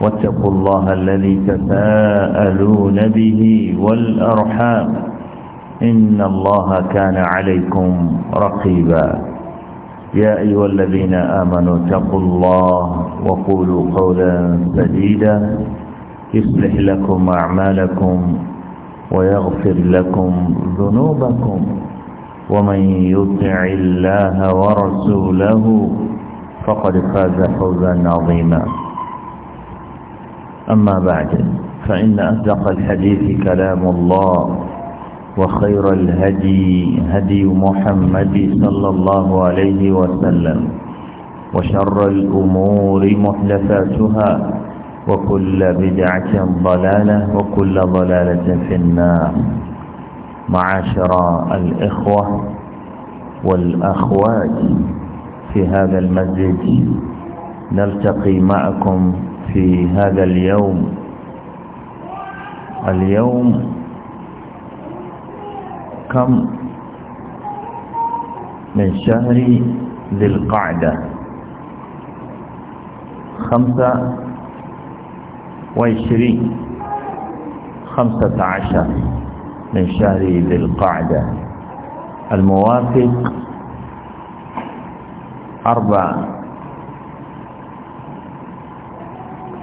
واتقوا الله الذي تساءلون به والأرحام إن الله كان عليكم رقيبا يا أيها الذين آمنوا اتقوا الله وقولوا قولا سديدا يصلح لكم أعمالكم ويغفر لكم ذنوبكم ومن يطع الله ورسوله فقد فاز فوزا عظيما أما بعد فإن أصدق الحديث كلام الله وخير الهدي هدي محمد صلى الله عليه وسلم وشر الأمور محدثاتها وكل بدعة ضلالة وكل ضلالة في النار معاشر الإخوة والأخوات في هذا المسجد نلتقي معكم في هذا اليوم اليوم كم من شهر ذي القعدة خمسة وعشرين خمسة عشر من شهر ذي القعدة الموافق أربعة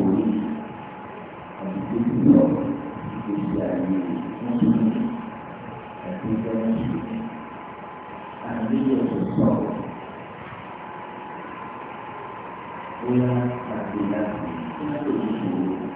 àgbòrí àti gbogbo lọ ìgbésí ayé mùsùlùmí àti gẹ́gẹ́ àgbéyẹ̀ sọ̀tọ̀ bóyá àti láti ní ìṣòro.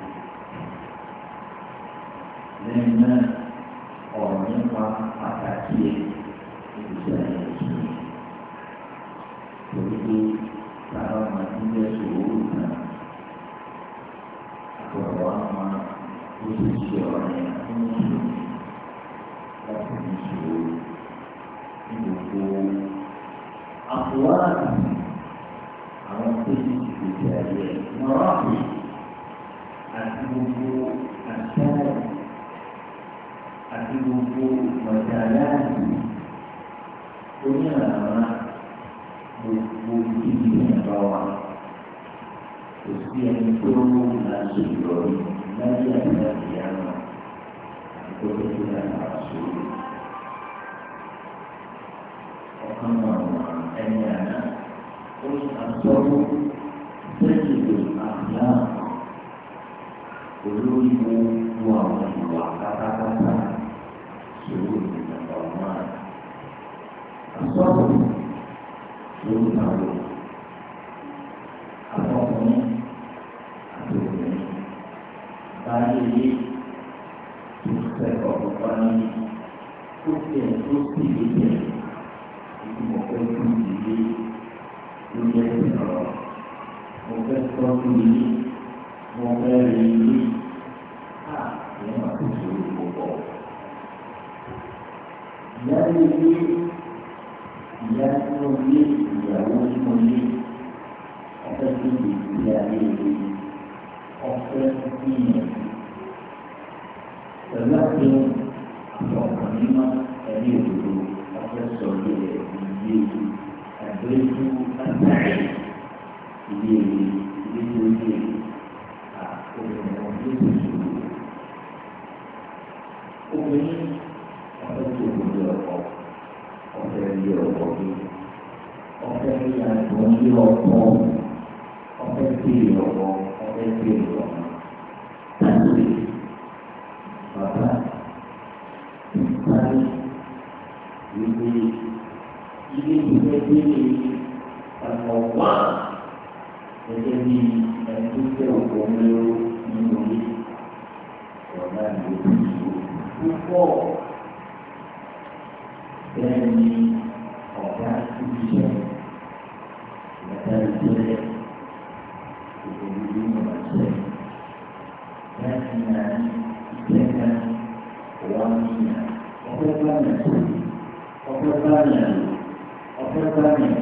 gẹ́gẹ́ bí wá gẹ́gẹ́ bí ẹ̀kọ́ tẹ mẹ́rọ nínú ilé ọ̀la ìlú púpọ̀ bẹ́ẹ̀ ni. sani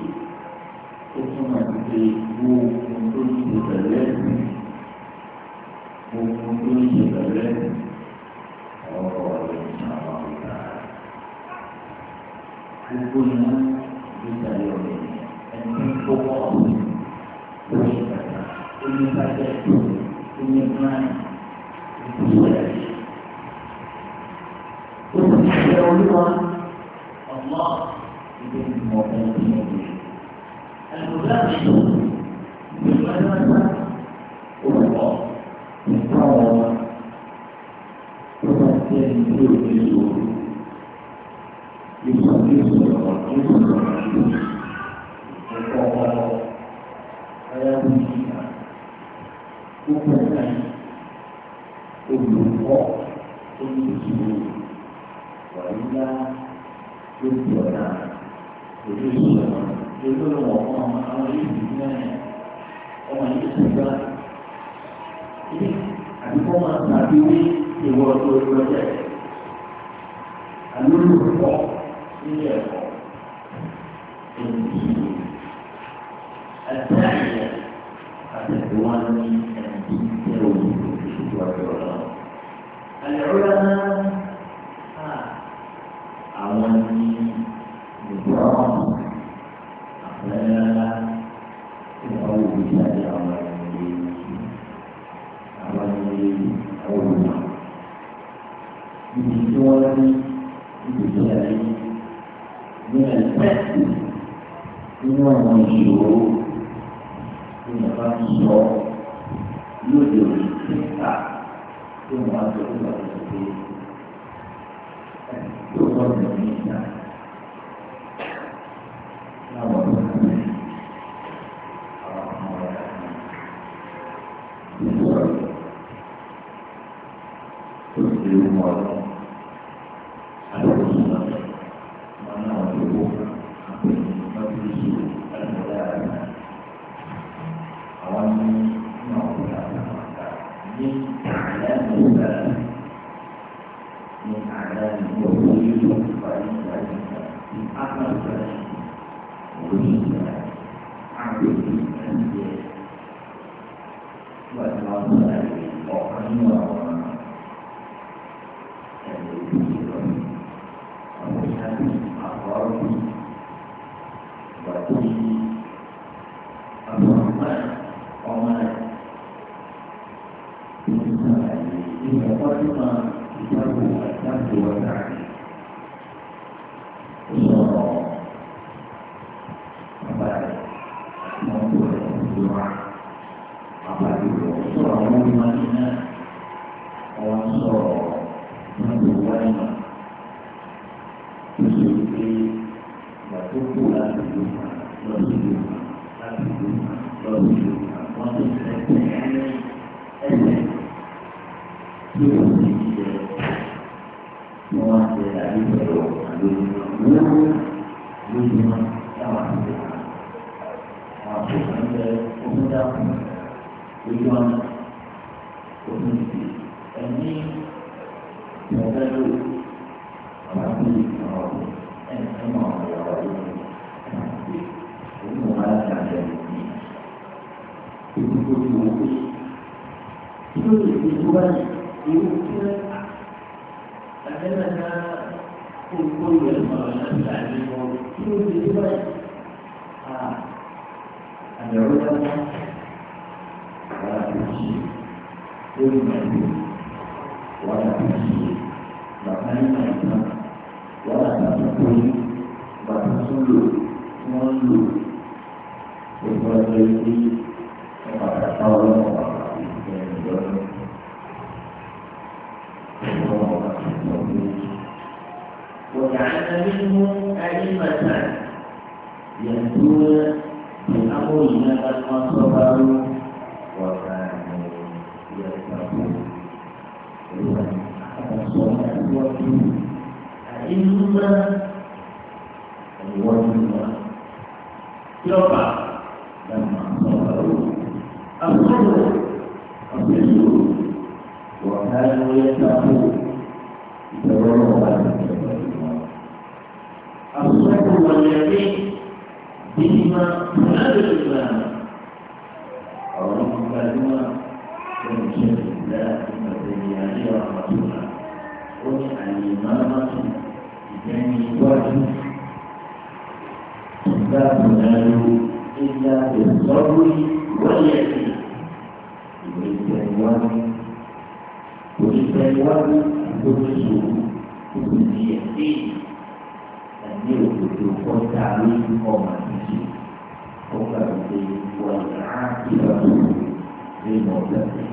كانوا يتقون الصبر واليقين بهما تنال الإيمان اللهم كلمة من شهد الله ابن تيمية رحمة الله ومن الإمامة بجميع وجه لا تنال إلا بالصبر واليقين يريد أن ìtẹ̀wájú lójú òbí ẹ̀sìn ẹ̀mí òkùnkùn kọjá ní ọmọ àtijọ́ ọgbà òde wà láti ọdún nínú ọgbà rẹ̀.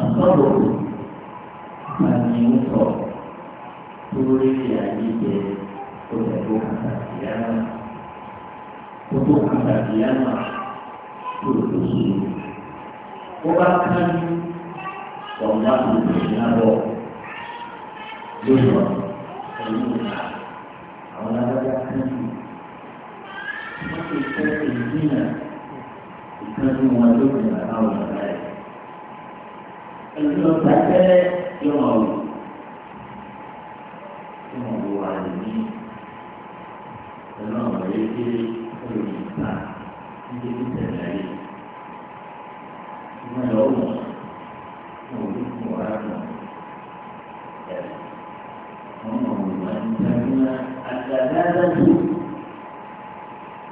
Àtọ́rọ̀ àti ìwúsọ̀ tó rí àyíjẹ tó tẹ̀lé pàtàkì yára tó tó pàtàkì yára tó tó sùn. Ó bá ká ní. ọ̀gá ìyàbọ̀ yóò lọ pẹ̀lú àwọn alága kẹ́kì. wọ́n ti fẹ́ ìdínà ìtọ́jú wọn lókè bàbá wọn rẹ̀. ẹ̀sùn ọ̀gá tẹ́lẹ̀ yóò wọ̀ tí wọ́n wọ àlè ní ẹ̀rọ ọ̀rẹ́ tí ó lè ta ní tẹ̀lé ayé. wọ́n lọ wọ̀. ورحمة هم المؤمنون الجنازة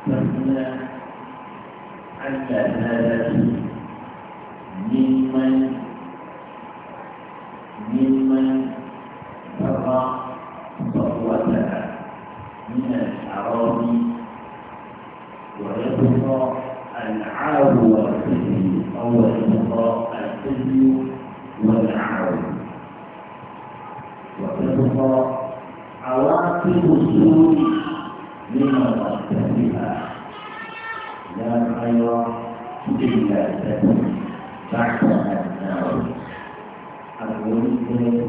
فهنا الجنازة ممن ممن ترى صلوتها من الأراضي ويبقى العار awati usul lima wajib dan ayat tinggal jadi takkan tahu algoritme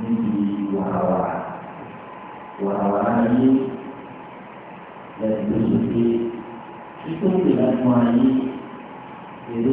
ini wahawa wahawa ini dan bersuci itu tidak mengalami jadi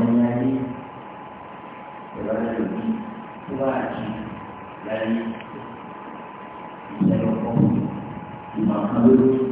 我愿意为了你，不管去哪里，一切都好，你把我。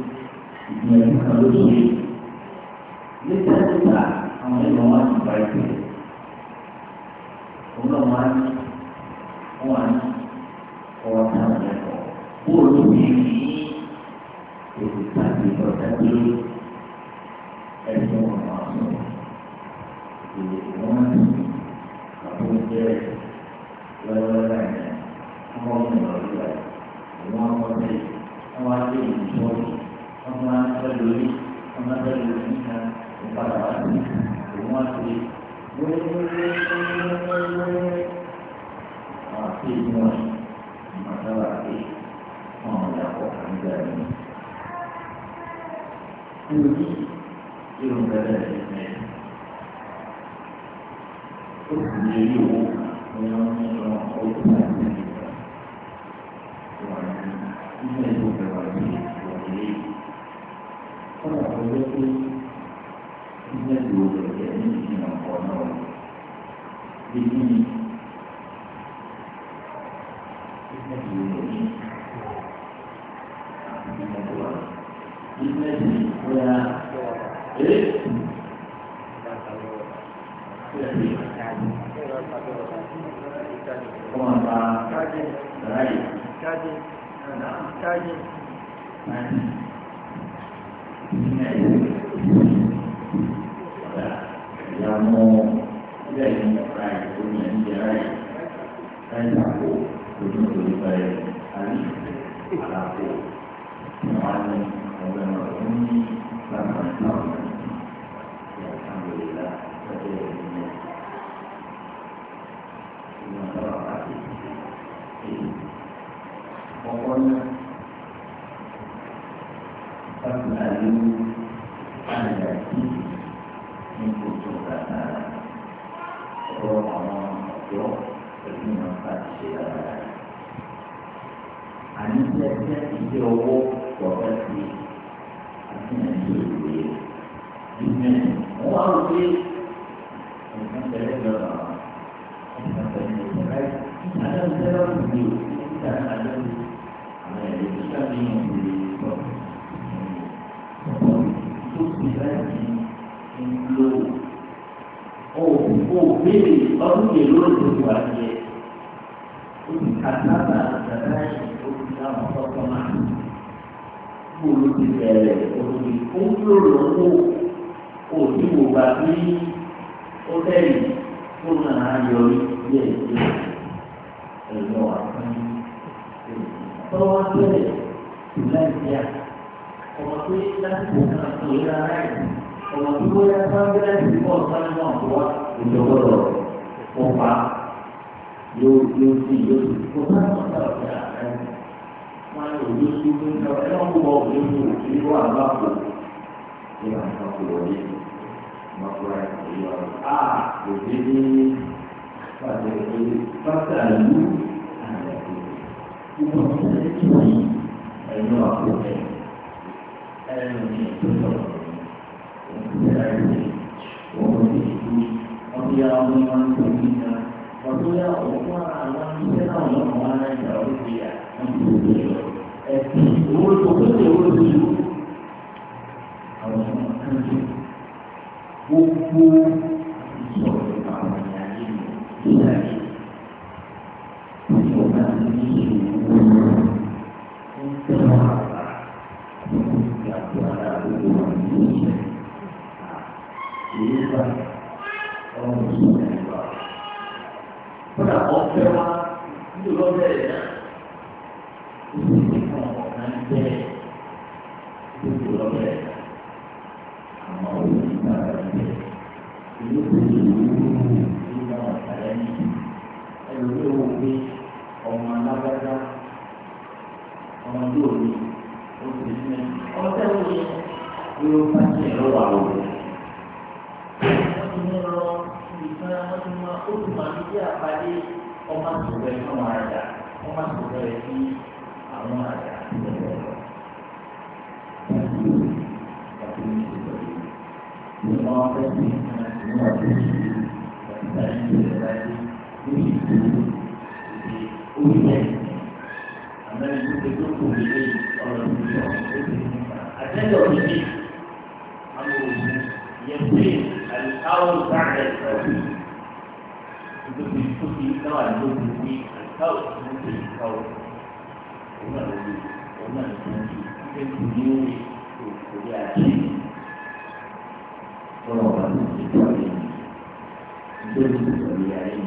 pè lórí ìwà yẹ olùkàtàkà dàda yìí olùdámọ̀ tọ́tọ́ náà kó ló ti bẹ̀rẹ̀ òní ó ń lòrò owó òní wò bá bí ó bẹ̀rẹ̀ tó náà yọrí díẹ̀ díẹ̀ ẹ̀yọ àtúnyí tọ́wọ́ bẹ̀rẹ̀ ìlànà ọmọ tó yẹ lásìkò náà tó yẹ lára ẹ̀ ọmọ tó yẹ lásìkò náà tó yẹ lára ẹ̀ náà tó yẹ lára ẹ̀ kó pa yóò yóò sì yóò sì kó bá sọ̀tà ọ̀tà ẹ̀ wọ́n yóò yóò sì kó ní ọ̀rẹ́ wọn kó bọ̀ ọ̀gbìn ní òkè ní wà bá kó ní wà bá kó wọlé wọ́n kó ẹ̀ kó yọ ọ̀rọ̀ a kò dé ní pàṣẹ pé pátá ìlú àlẹ́ ìgbà tó ń tẹ̀lé tó yìí ẹ̀yìn wà kó ẹ̀ ẹ̀rọ ní ìtòsọ̀rọ̀ òun ti ṣe àìsí òun ti ṣe kú yìí ọ̀bí gbogbo. kódà ọ̀fẹ́ wa nílò lọ́bẹ̀rẹ̀ ìtòkè náà ló ti ní àìkáwò tó ń tẹ̀ ìkáwò òun náà ló lè òun náà ló ń tẹ̀ ìkáwò ní orí òkòrí àti tọ́lọ̀ wà ní ìtòkè ayé mi ìtòkè ìtòkè ayé mi.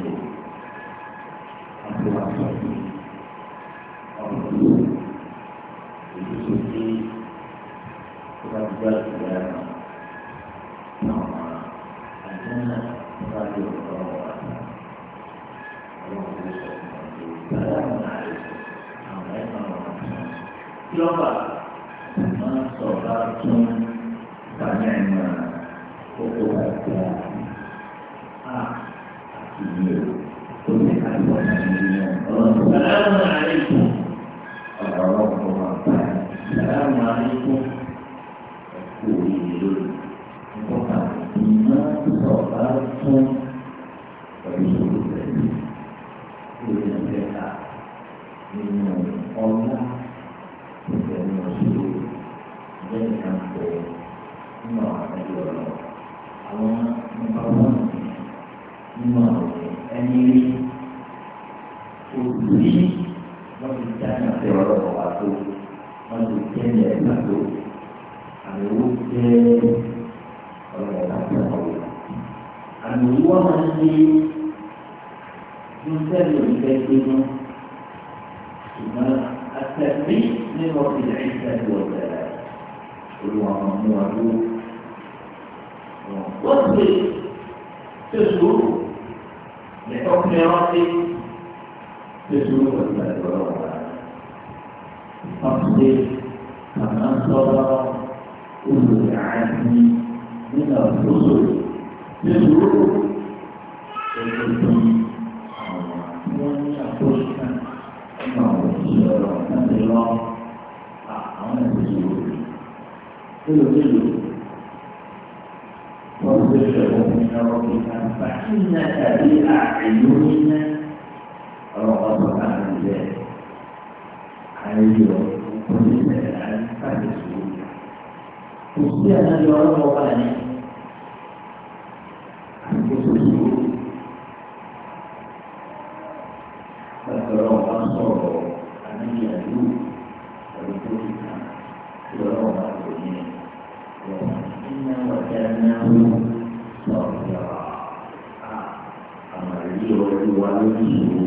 lójú ìṣòro.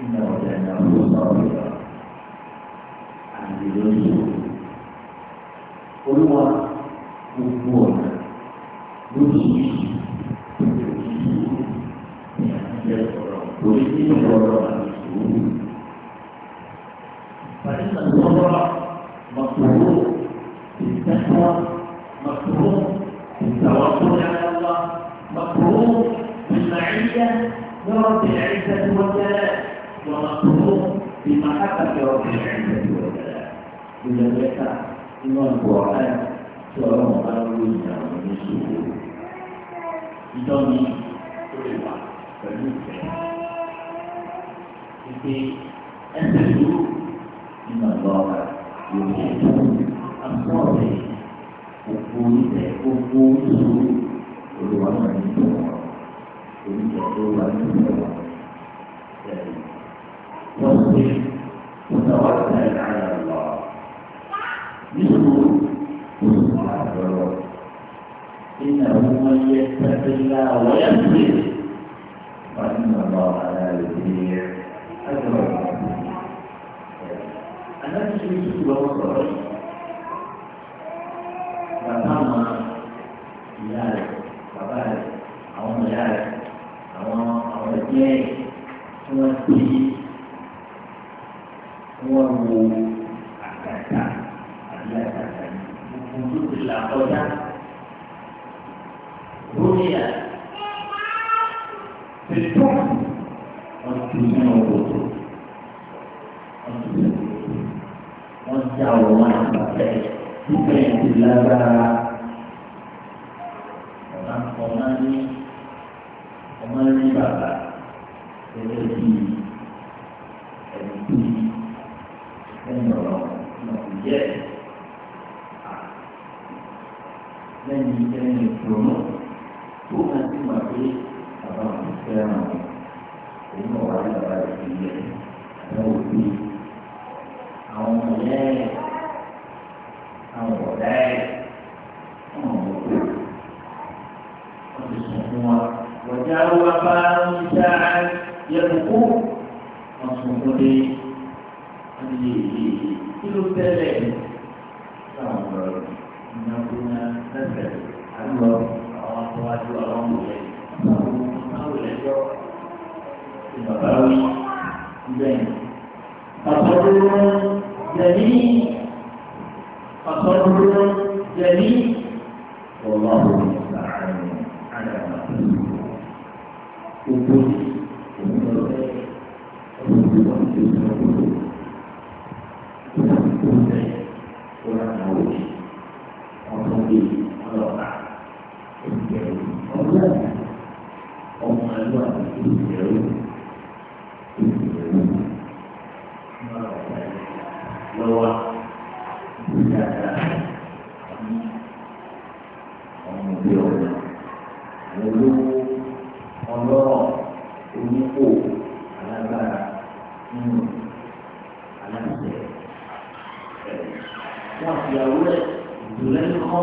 Ìgbà ọ̀dẹ̀ náà ló sọ̀rọ̀ Maksudnya Jadi Jadi Itu telek Sama Menyambungnya Tentu Allah Allah Tuhan Tuhan Tuhan Tuhan Tuhan Tuhan Tuhan Tuhan Tuhan Tuhan Tuhan Tuhan Tuhan Jadi Pasal Tuhan Jadi Allah Tuhan Tuhan Tuhan Tuhan Tuhan lọ́wọ́ wa dáadáa ọmọ òbí ọ̀nà olówó ọlọ́rọ̀ onípò alágbára nínú aláṣẹ ẹ̀ wọ́n ti àwúrẹ̀ ìdúrẹ́yìn kọ́.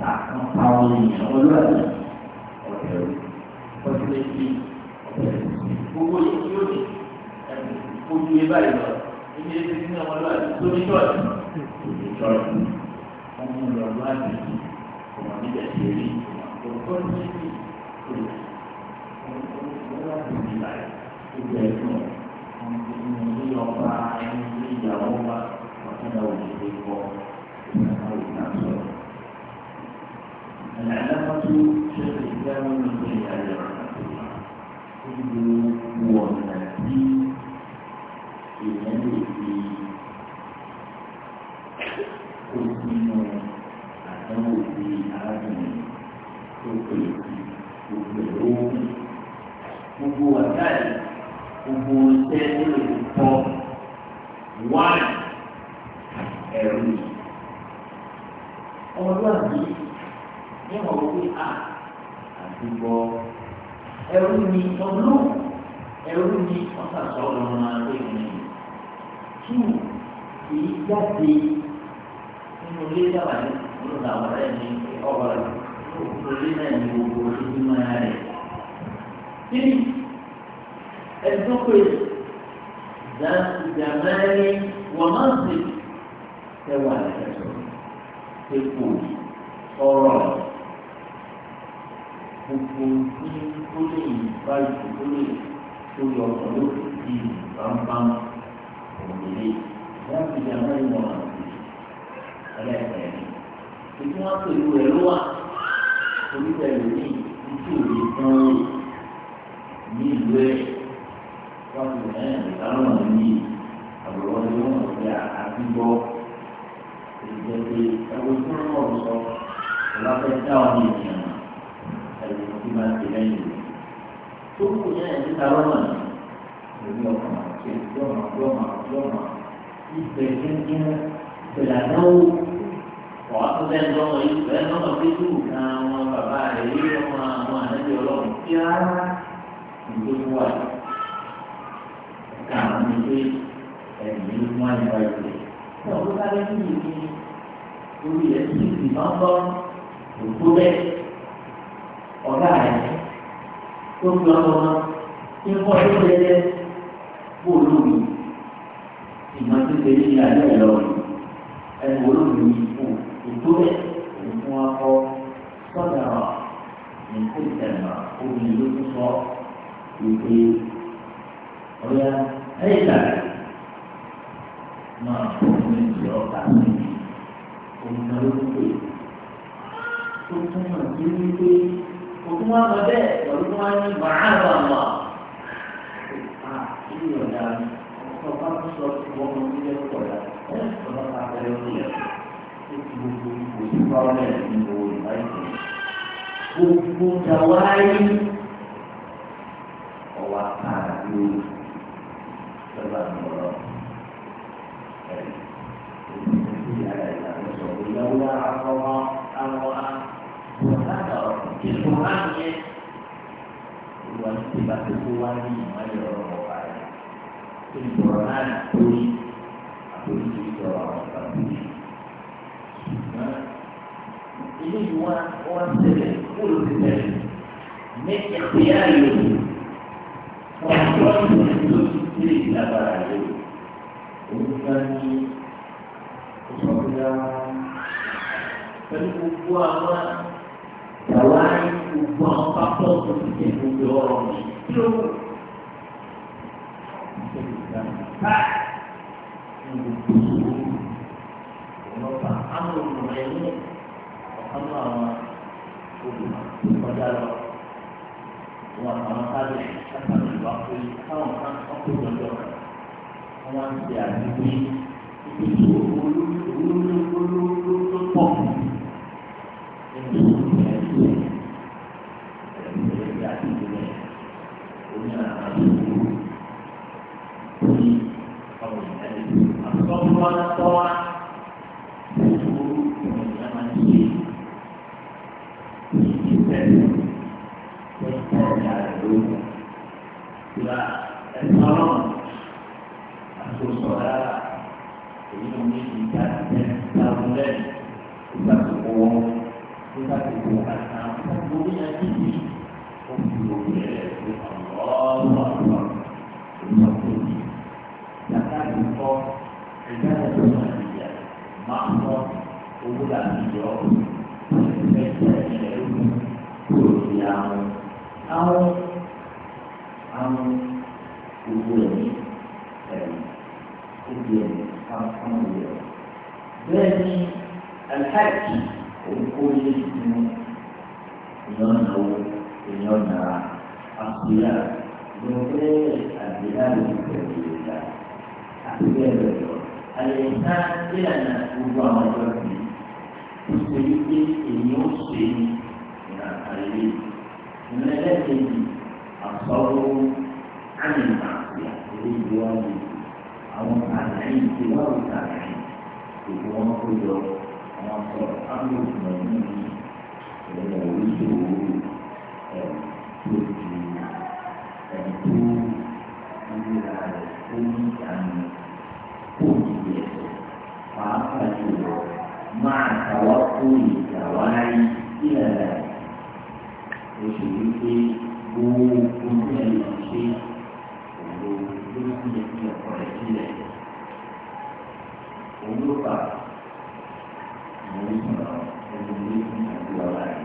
ta wọn pa wọn ènìyàn olúwàbí ọ̀tẹ̀ òru ọtí létí ọ̀tẹ̀ gbogbo yìí tí ó ní ojú ẹ báyìí lọ ẹni ẹni tí ní ọmọlúwàbí tó ní tọ́ọ̀tì tó ní tọ́ọ̀tì wọn mú lọ lọ́wọ́dì kò wọ́n níbẹ̀ ṣe rí kò tó ní létí kò lè ọmọlúwàbí ti báyìí ó bẹ̀ ẹ̀ fún ọmọ ìyá ọba ẹni ìyàwó wa ọ̀tẹ̀ náà ò ní lè kọ́ ọ. العلامة شيخ الإسلام من كل أهل تجد ونبي في نبي أسلم أنه في عالم تقل تقلون gbogbo wàtáì gbogbo sẹ́yìn olùkọ́ wáìn ẹ̀rù ọlọ́àbí kí wọ́n wí à àti bọ́ ẹrú ni ọlọ́ ẹrú ni ọ̀sàtọ̀ ọlọ́run máa gbé ìrìn tù kì í jáde nínú ilé dáwà ní olùdá ọ̀rẹ́ ní ọ̀rọ̀ rẹ̀ olùdó ilé náà ní gbogbo ojú máa rẹ̀. tí ẹ̀dúnkè dàmẹ́rin wọ́n máa ń sè ẹwà ẹ̀sọ́ ọ̀rọ̀ gbogbo tí ó lè bá ìlú tó lè tó yọ ọ̀pọ̀ ló fi di bámbám òmìnir láti di àwọn ìmọ̀ àti ẹlẹ́ẹ̀kẹ́ ìdí wọn pè lu ẹ̀rọ wa oníbẹ̀ lórí ìtú òye tán ó ní ìlú ẹ̀ wọ́n ti rẹ̀ ẹ̀ ní àbúrò ní wọ́n ti àti gbọ́ ìjẹ́ pé tó ń bọ̀ sọ ọ̀la fẹ́ dá ọ̀nà ẹ̀sìn máa ti lẹ́yìn rẹ̀. tó kù ní ẹ̀sìn ta lọ́nà lórí ọkàn àti ìjọba ìjọba ìjọba ìgbẹ́ gẹ́gẹ́ ìgbẹ́lànà ó wà á tún bẹ́ẹ̀ lọ́wọ́ ìgbẹ́ lọ́wọ́ péjú kan àwọn bàbá rẹ̀ yé ọmọ àwọn ànábì ọlọ́run tí rárá ìgbé wà ẹ̀ka àwọn ìgbé ẹ̀mí wọn ìgbà ìgbé. ọ̀pọ̀ ká lẹ́yìn ìgbé orí ẹ̀ ọ̀gá rẹ̀ tó fi ọmọ wọn tí ń kọ́ tó lẹ́lẹ́ olómi ìmọ̀ ní alẹ́ ìlọ ẹnu olómi ìfò ètò ẹ̀ òun fún wa kọ́ sọ́dà nǹkó ìtẹ̀mà omi ló tún sọ ìpè àwọn àwọn gbogbo ẹ̀mí ẹ̀mí gbogbo ẹ̀mí káwọn káwọn wọlé ọ̀ bẹ́ẹ̀ ni alhaji òun kó lé nínú èèyàn náwó èèyàn náà àkùyà ló pé àgbélá ló ń bẹ̀rẹ̀ ìlà àti bẹ́ẹ̀ bẹ́ẹ̀ lọ àyẹ̀yẹ̀ náà ìlànà gbogbo àwọn ọjọ́ bíi ó ṣe wípé èèyàn ó ṣe ní ìlànà ayé yìí ìrẹ́lẹ́kejì àsọ̀rọ̀ àyìnbá àti ìlú ọ̀nì àwọn àlàyé ti wá òkà rẹ̀ ìlú wọn kó lọ àwọn sọ̀rọ̀ ámúlùmọ̀ níbi ìrẹ̀lẹ̀ oríṣiríṣi ẹ̀ tó ju ẹ̀ tó ìlera rẹ̀ tó ní ìdáná kó ní ẹ̀sẹ̀ pàápàá jùlọ máa tàwa kó ìjà wáyé ìlera rẹ̀ mo sì pé owó ogun tí ṣe òun ló ló ń yẹ sílẹ̀ òun ló fà mo ń ẹni ilé fún àdúrà láàyè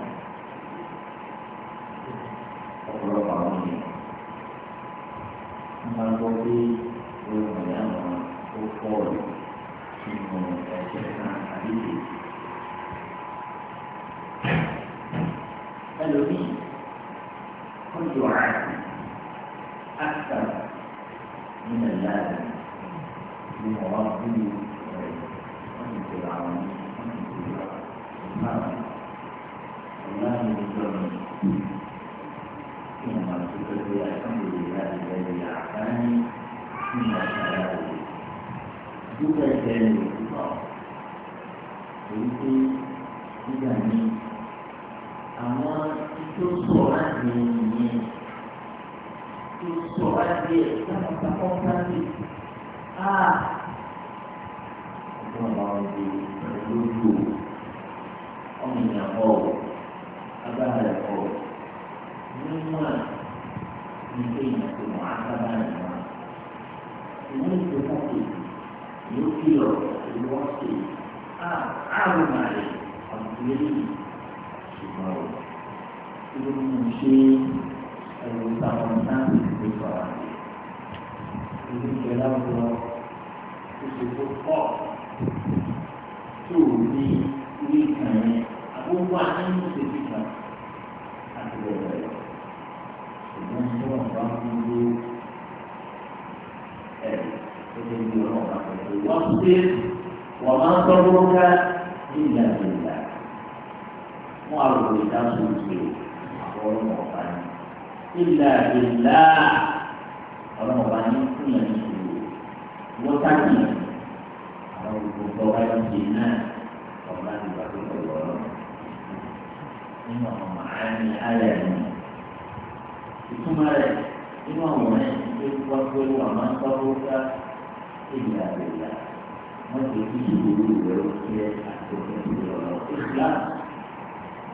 ọ̀pọ̀lọpọ̀ àwọn ènìyàn máa ń gbọ́ pé olùmọ̀lẹ́ àwọn ó fọ́ọ̀lù nínú ẹ̀jẹ̀ kan àdéhùn. قالوا لي كنت أعاني أكثر من اللازم من ربي كنت أعاني كنت أعاني والله يذكرني حينما ذكرت الحمد لله الذي أعطاني من الشباب دون ذلك الله قلت إذا منك àwọn tó sọ láti yẹn tó sọ láti yẹ káwọn kakọ káàdì á ọjọ́ àwọn ọdẹ pẹ̀lú ojú ọmọ ìyá ọ̀ agbára ẹ̀ ọ̀ nínú ẹ̀ ní kéèyàn tó mọ̀ ágbára ẹ̀ ìwé ìgbésàkè yóò kí lọ ìwọ́sẹ̀ á àrùn àrè ọ̀dùnmẹ́lì ṣùgbọ́n o kí ló ń ṣe ẹ̀rọ ìtàwọn náà lè fara èyí jẹ́ láwùjọ ìṣòro pọ̀ tí ò ní ilé ìtàn yẹn àbúrò àárín ìṣèlú kan àti bẹ̀rẹ̀ lọ ṣùgbọ́n tí wọ́n bá ń lo ẹ̀ gẹ́gẹ́ bí wọ́n máa ń tọ́wọ́ ká ní ìlànà fún àròkọ ìdásùn ìpè àfọwọ́mọ ọba ni. ìlà ìlà ọlọ́mọ ọba ní fún yẹn ní ìlú wọ́tàkì àwọn olùkọ́ wáyé ti náà ọba ti gbàgbé pẹ̀lú ọlọ́mọ. nínú àwọn màá ní ayé ẹ̀mí ìtumọ̀ rẹ̀ nínú àwọn ọ̀rẹ́ ìdílé wọ́n gbé wọn máa ń tọ́jú ká ìlà ìlà wọ́n ti fi ìṣòro rẹ̀ ó kí ẹ àti òkè ìlú ọ̀rọ̀ ìlà.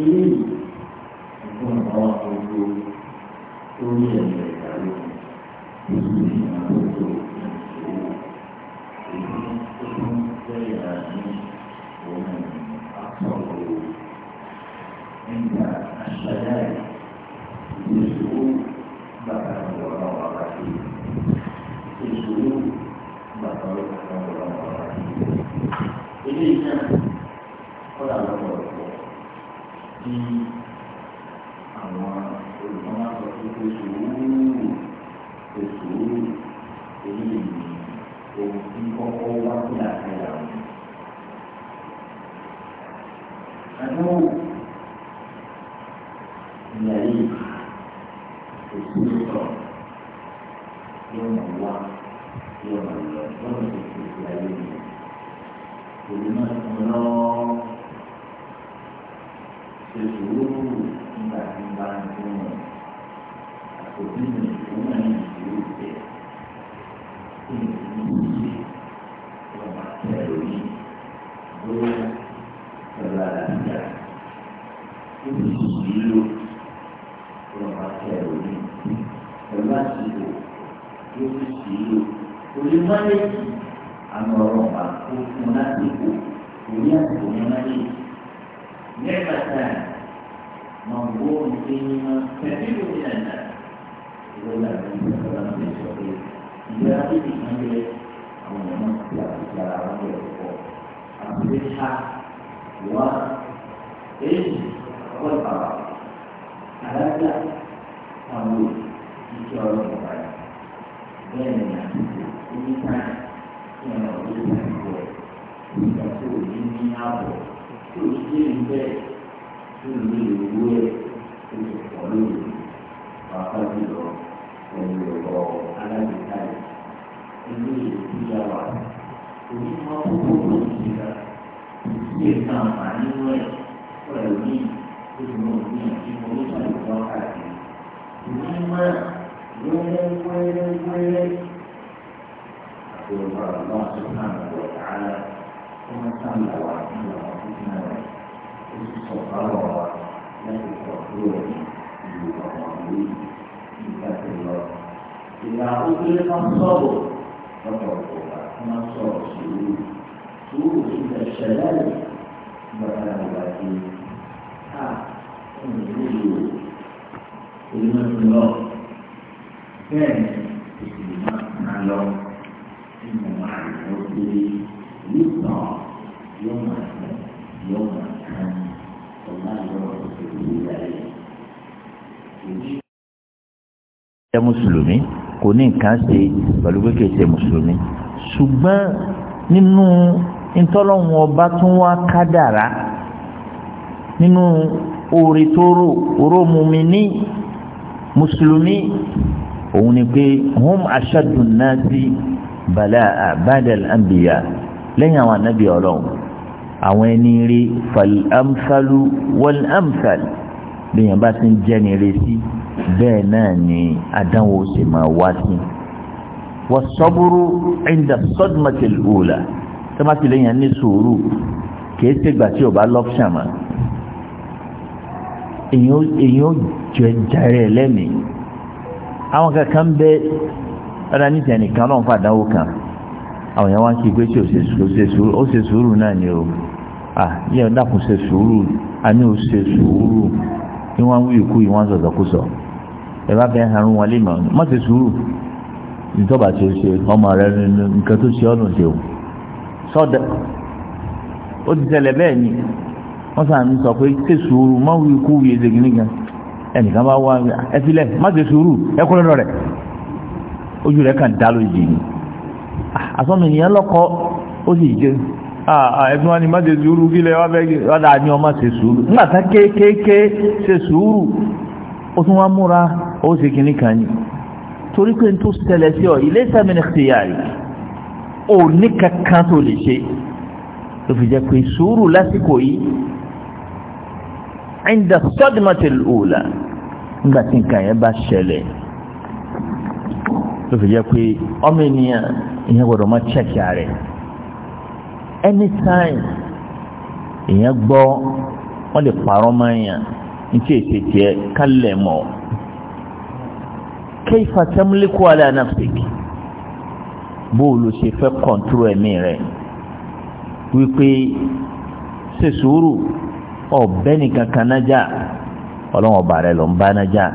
eléyìí ẹ̀gbọ́n àwọn àwùjọ orí ẹ̀mí tó ti ṣe é lò òní mọ́lẹ́jì àmọ́ ọ̀rọ̀ bá kó fún láti kó òní àtìkò ní mọ́lẹ́jì. nígbà tá a mọ̀ bó ń ṣe ní mọ́ tẹ̀lé lórí ẹ̀dá ìrọ̀lẹ́ àti ìṣẹ̀lẹ̀ sọ pé ìgbéra tó ti kàn àwọn ọmọ ti àtúnṣe ara wọn lọ pọ̀ àti ṣá wá èyí ọ̀pọ̀ ìpàwọ̀ àdájá àwọn ìṣe ọlọ́pàá yìí. 外面的天气，星期三，现在我是天气预报，一百四十一度，负七零度，负零零五度，都是考虑的，把环境搞，还有那个刚刚比赛的，天气比较冷，天气它不不不一定的，天气上难，因为，外面，就是外面经常有太阳晒的，因为。就是老师看我答了，他们上来玩，看老师看我，就是手把我，那是手给我，你把我努力，你看这个，然后对方说，我说我吧，他们说属于，属于是在谁那里？我看到我的，啊，嗯，有，有没有？bẹ́ẹ̀ ni ìdìbò máa ká lọ nínú àìsàn pé yóò tàn yóò máa tàn yóò máa ká ní ọ̀la lọ́wọ́ ìdìbò láyé. Ẹ Mùsùlùmí kò ní nǹkan ṣe pẹ̀lú pé kìí ṣe Mùsùlùmí ṣùgbọ́n nínú ntọ́lọ́hún ọba tún wá kádàrá nínú oore tó ní Mùsùlùmí òun ni pé hum aṣadun nasi balaa badal anbiya lẹ́yìn àwọn anabi ọlọ́run àwọn ẹni rí falamfalu walamfal bí yẹn bá ti ń jẹ́ ni retí bẹ́ẹ̀ náà ni àdánwò sì máa wá sí wasọ́búrú ẹ̀ńdà sọ́dúnmọ́tìlì òòlà tẹ́mátì lẹ́yìn ní sùúrù kìí ṣègbà tí o bá lọ́pṣà mọ́ èyí ó jẹ́ jẹ́rẹ̀ lẹ́mìí àwọn kankan bẹ ọ̀dà níta nìkan náà fàdánwò kan àwọn yẹn ń kí pé tí ó ṣe sùúrù o à yẹn dàkún se sùúrù àní sùúrù ni wọ́n wí ikú yìí sọ̀tọ̀ kú sọ ẹ bá harun wọn mọ̀ mọ́ ṣe sùúrù tí ó ọmọ rẹ nǹkan tó ó ti tẹ̀lẹ̀ bẹ́ẹ̀ ẹnìkan bá wá ẹfilẹ̀ má ṣe sùúrù ẹkún lọ́dọ̀ rẹ̀ ojú rẹ̀ kàn dá lójì ni ah, àsọ́mi ènìyàn lọ́kọ́ ó sì jẹ́ ẹ̀dùn wa ni má ṣe sùúrù kí lẹ́ wádà ní ọmọ ṣe sùúrù nígbàtá kéékèèké ṣe sùúrù ó tún wá múra ó ṣe kìíní kan ni torí pé n tó ṣẹlẹ̀ sí ọ ilé ìsàmì ní ṣe yàrí ò ní kankan tó lè ṣe ló pé sùúrù lásìkò yìí inda sadmatil ula nígbà tí nǹkan yẹn bá ṣẹlẹ̀ ló fi jẹ́ pé ọmọ ènìyàn ìyẹn gbọ́dọ̀ máa ṣẹ̀kì ààrẹ anytime ìyẹn gbọ́ wọ́n lè parọ́ máa yàn ní tí èsì tiẹ̀ kálẹ̀ mọ́ kéfà tẹ́mílíkù alẹ́ anáfíìkì bóòlù ṣe fẹ́ kọ̀ǹtúrò ẹ̀mí rẹ̀ wípé ṣe sùúrù ọ̀bẹ́ni kankan nájà ọlọ́run ọba rẹ ló ń bá nájà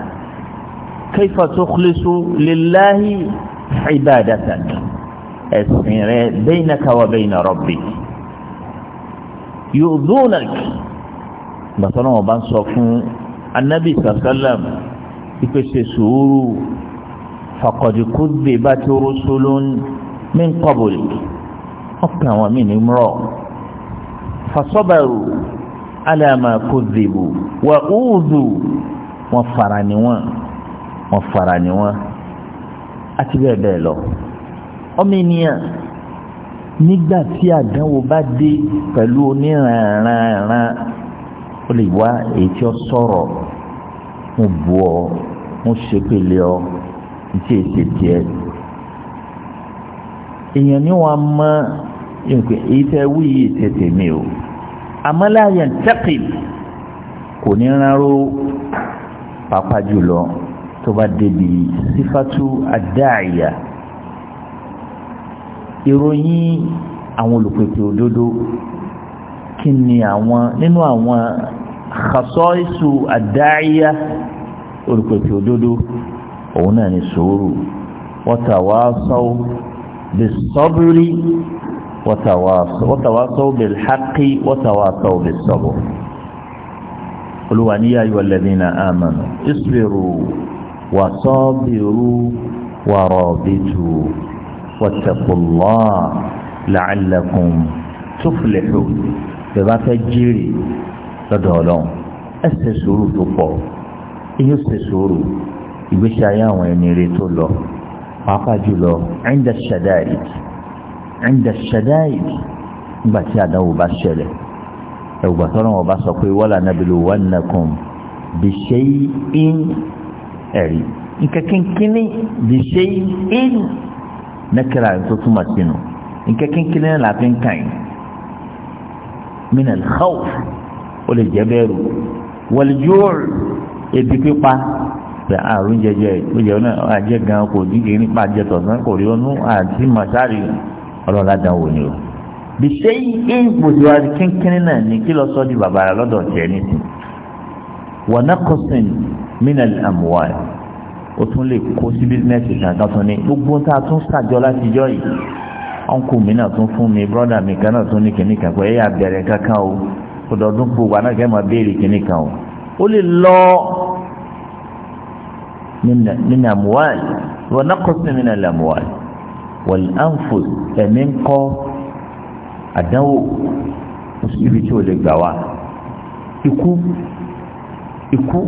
kayfa tukhlisu lillahi ibadatan ẹ̀sìn rẹ baynaka wa bayna rabbik yu'dhunak gbàtọ́ náà ọba ń sọ fún anabi sàlám ìpèsè sùúrù faqad kudhibat rusulun min qablik ọkàn àwọn mí ni mọ́ fasabaru alama kòzèbò wa óòzò wọn fara ni wọn wọn fara ni wọn àti bẹ́ẹ̀ bẹ́ẹ̀ lọ ọmọ ènìyàn nígbà tí àdánwò bá dé pẹ̀lú oníranranran ó lè wá èyí tí ó sọ̀rọ̀ mo bù ọ mo ṣépele ọ ntí èsì tiẹ̀ èèyàn ni wọn mọ èyí tẹ wí yìí tètè mi o àmọ́láyà tẹ́kì kò ní ráró pàápàá jùlọ tó bá débi sífàtú àdáàyà ìròyìn àwọn olùpèpè òdodo kí ni àwọn nínú àwọn khasaisu àdáàyà olùpèpè òdodo òun náà ni sùúrù wa tawasaw bis sabri watawasaw bil haqqi watawasaw bis sabr olùwà ní yā ayyuhal ladhīna āmanū isbirū wasābirū warābitū wattaqullāha la'allakum tuflihūn bẹ́ẹ̀ bá fẹ́ jèrè lọ́dọ̀ ọlọ́run ẹ ṣe sùúrù tó pọ̀ èyí ó ṣe sùúrù ìgbésí ayé àwọn ẹni rẹ tó lọ pàápàá jùlọ 'inda ash-shadā'id ẹ̀ǹdà ṣẹ̀dáì nígbà tí àdáwò bá ṣẹlẹ̀ ẹ̀wùgbà tọ́lọ́ wọn bá sọ pé wọ́là nàbìlú wọn nàkùn bí ṣe in ẹ̀rí nǹkan kínkínní bí ṣe in nẹ́kẹ́rà tó túmọ̀ sínú nǹkan kínkínní là fi ń kàn yín min al-khawf ó lè jẹ́ bẹ́ẹ̀rù wal-ju' ebi pípa pé àrùn jẹjẹ ìpéjẹ náà àjẹ gan kò dídì nípa àjẹtọ̀ náà kò rí ọnú àti màsárì ọlọ́run ládàáwò ni o bí ṣe é gbòdì wa kínkínní náà ní kí lọ sọ di bàbá rẹ lọ́dọ̀ tiẹ̀ nìsín wa naqsin minal amwal o tún lè kó sí bísínẹ́sì kankan tún ní gbogbo tá a tún ṣàjọ láti jọ yìí ọ̀nkù mi náà tún fún mi brọ́dà mi kan náà tún ní kìnnì kan pé ẹ̀yà bẹ̀rẹ̀ kankan o ọdọọdún gbogbo anáàkẹ́ máa béèrè kìnnì kan o ó lè lọ nínú àmúwáyì wa naqsin minal amwal wọ́n ánfò ẹ̀mí ń kọ́ àdánwò ibi tí o lè gbà wá ikú ikú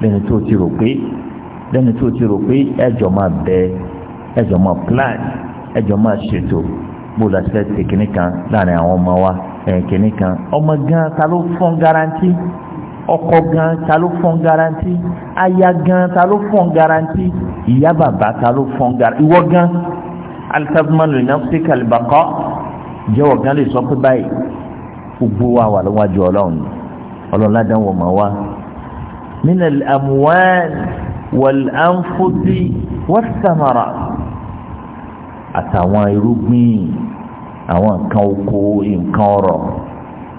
lẹ́ni tó ti rò pé lẹ́ni tó ti rò pé ẹjọ́ máa bẹ ẹjọ́ máa plan ẹjọ́ máa ṣètò bó la ṣe tẹ̀kínì kan láàrin àwọn ọmọ wa ẹ̀kínì kan ọmọ gan ta ló fún garanti ọkọ gan ta ló fọn garanti aya gan ta ló fọn garanti ìyá bàbá ta ló fọn garanti ìwọ gan alisabumalu inafsi kalibakọ jẹ́wọ́ gan lè sọ pé báyìí gbogbo wa wà lọ́wọ́dì ọlọ́run ọlọ́run ládàá wọ̀ mọ́ wa min al-amwal anfusi was àtàwọn irúgbìn àwọn nǹkan oko nǹkan ọrọ̀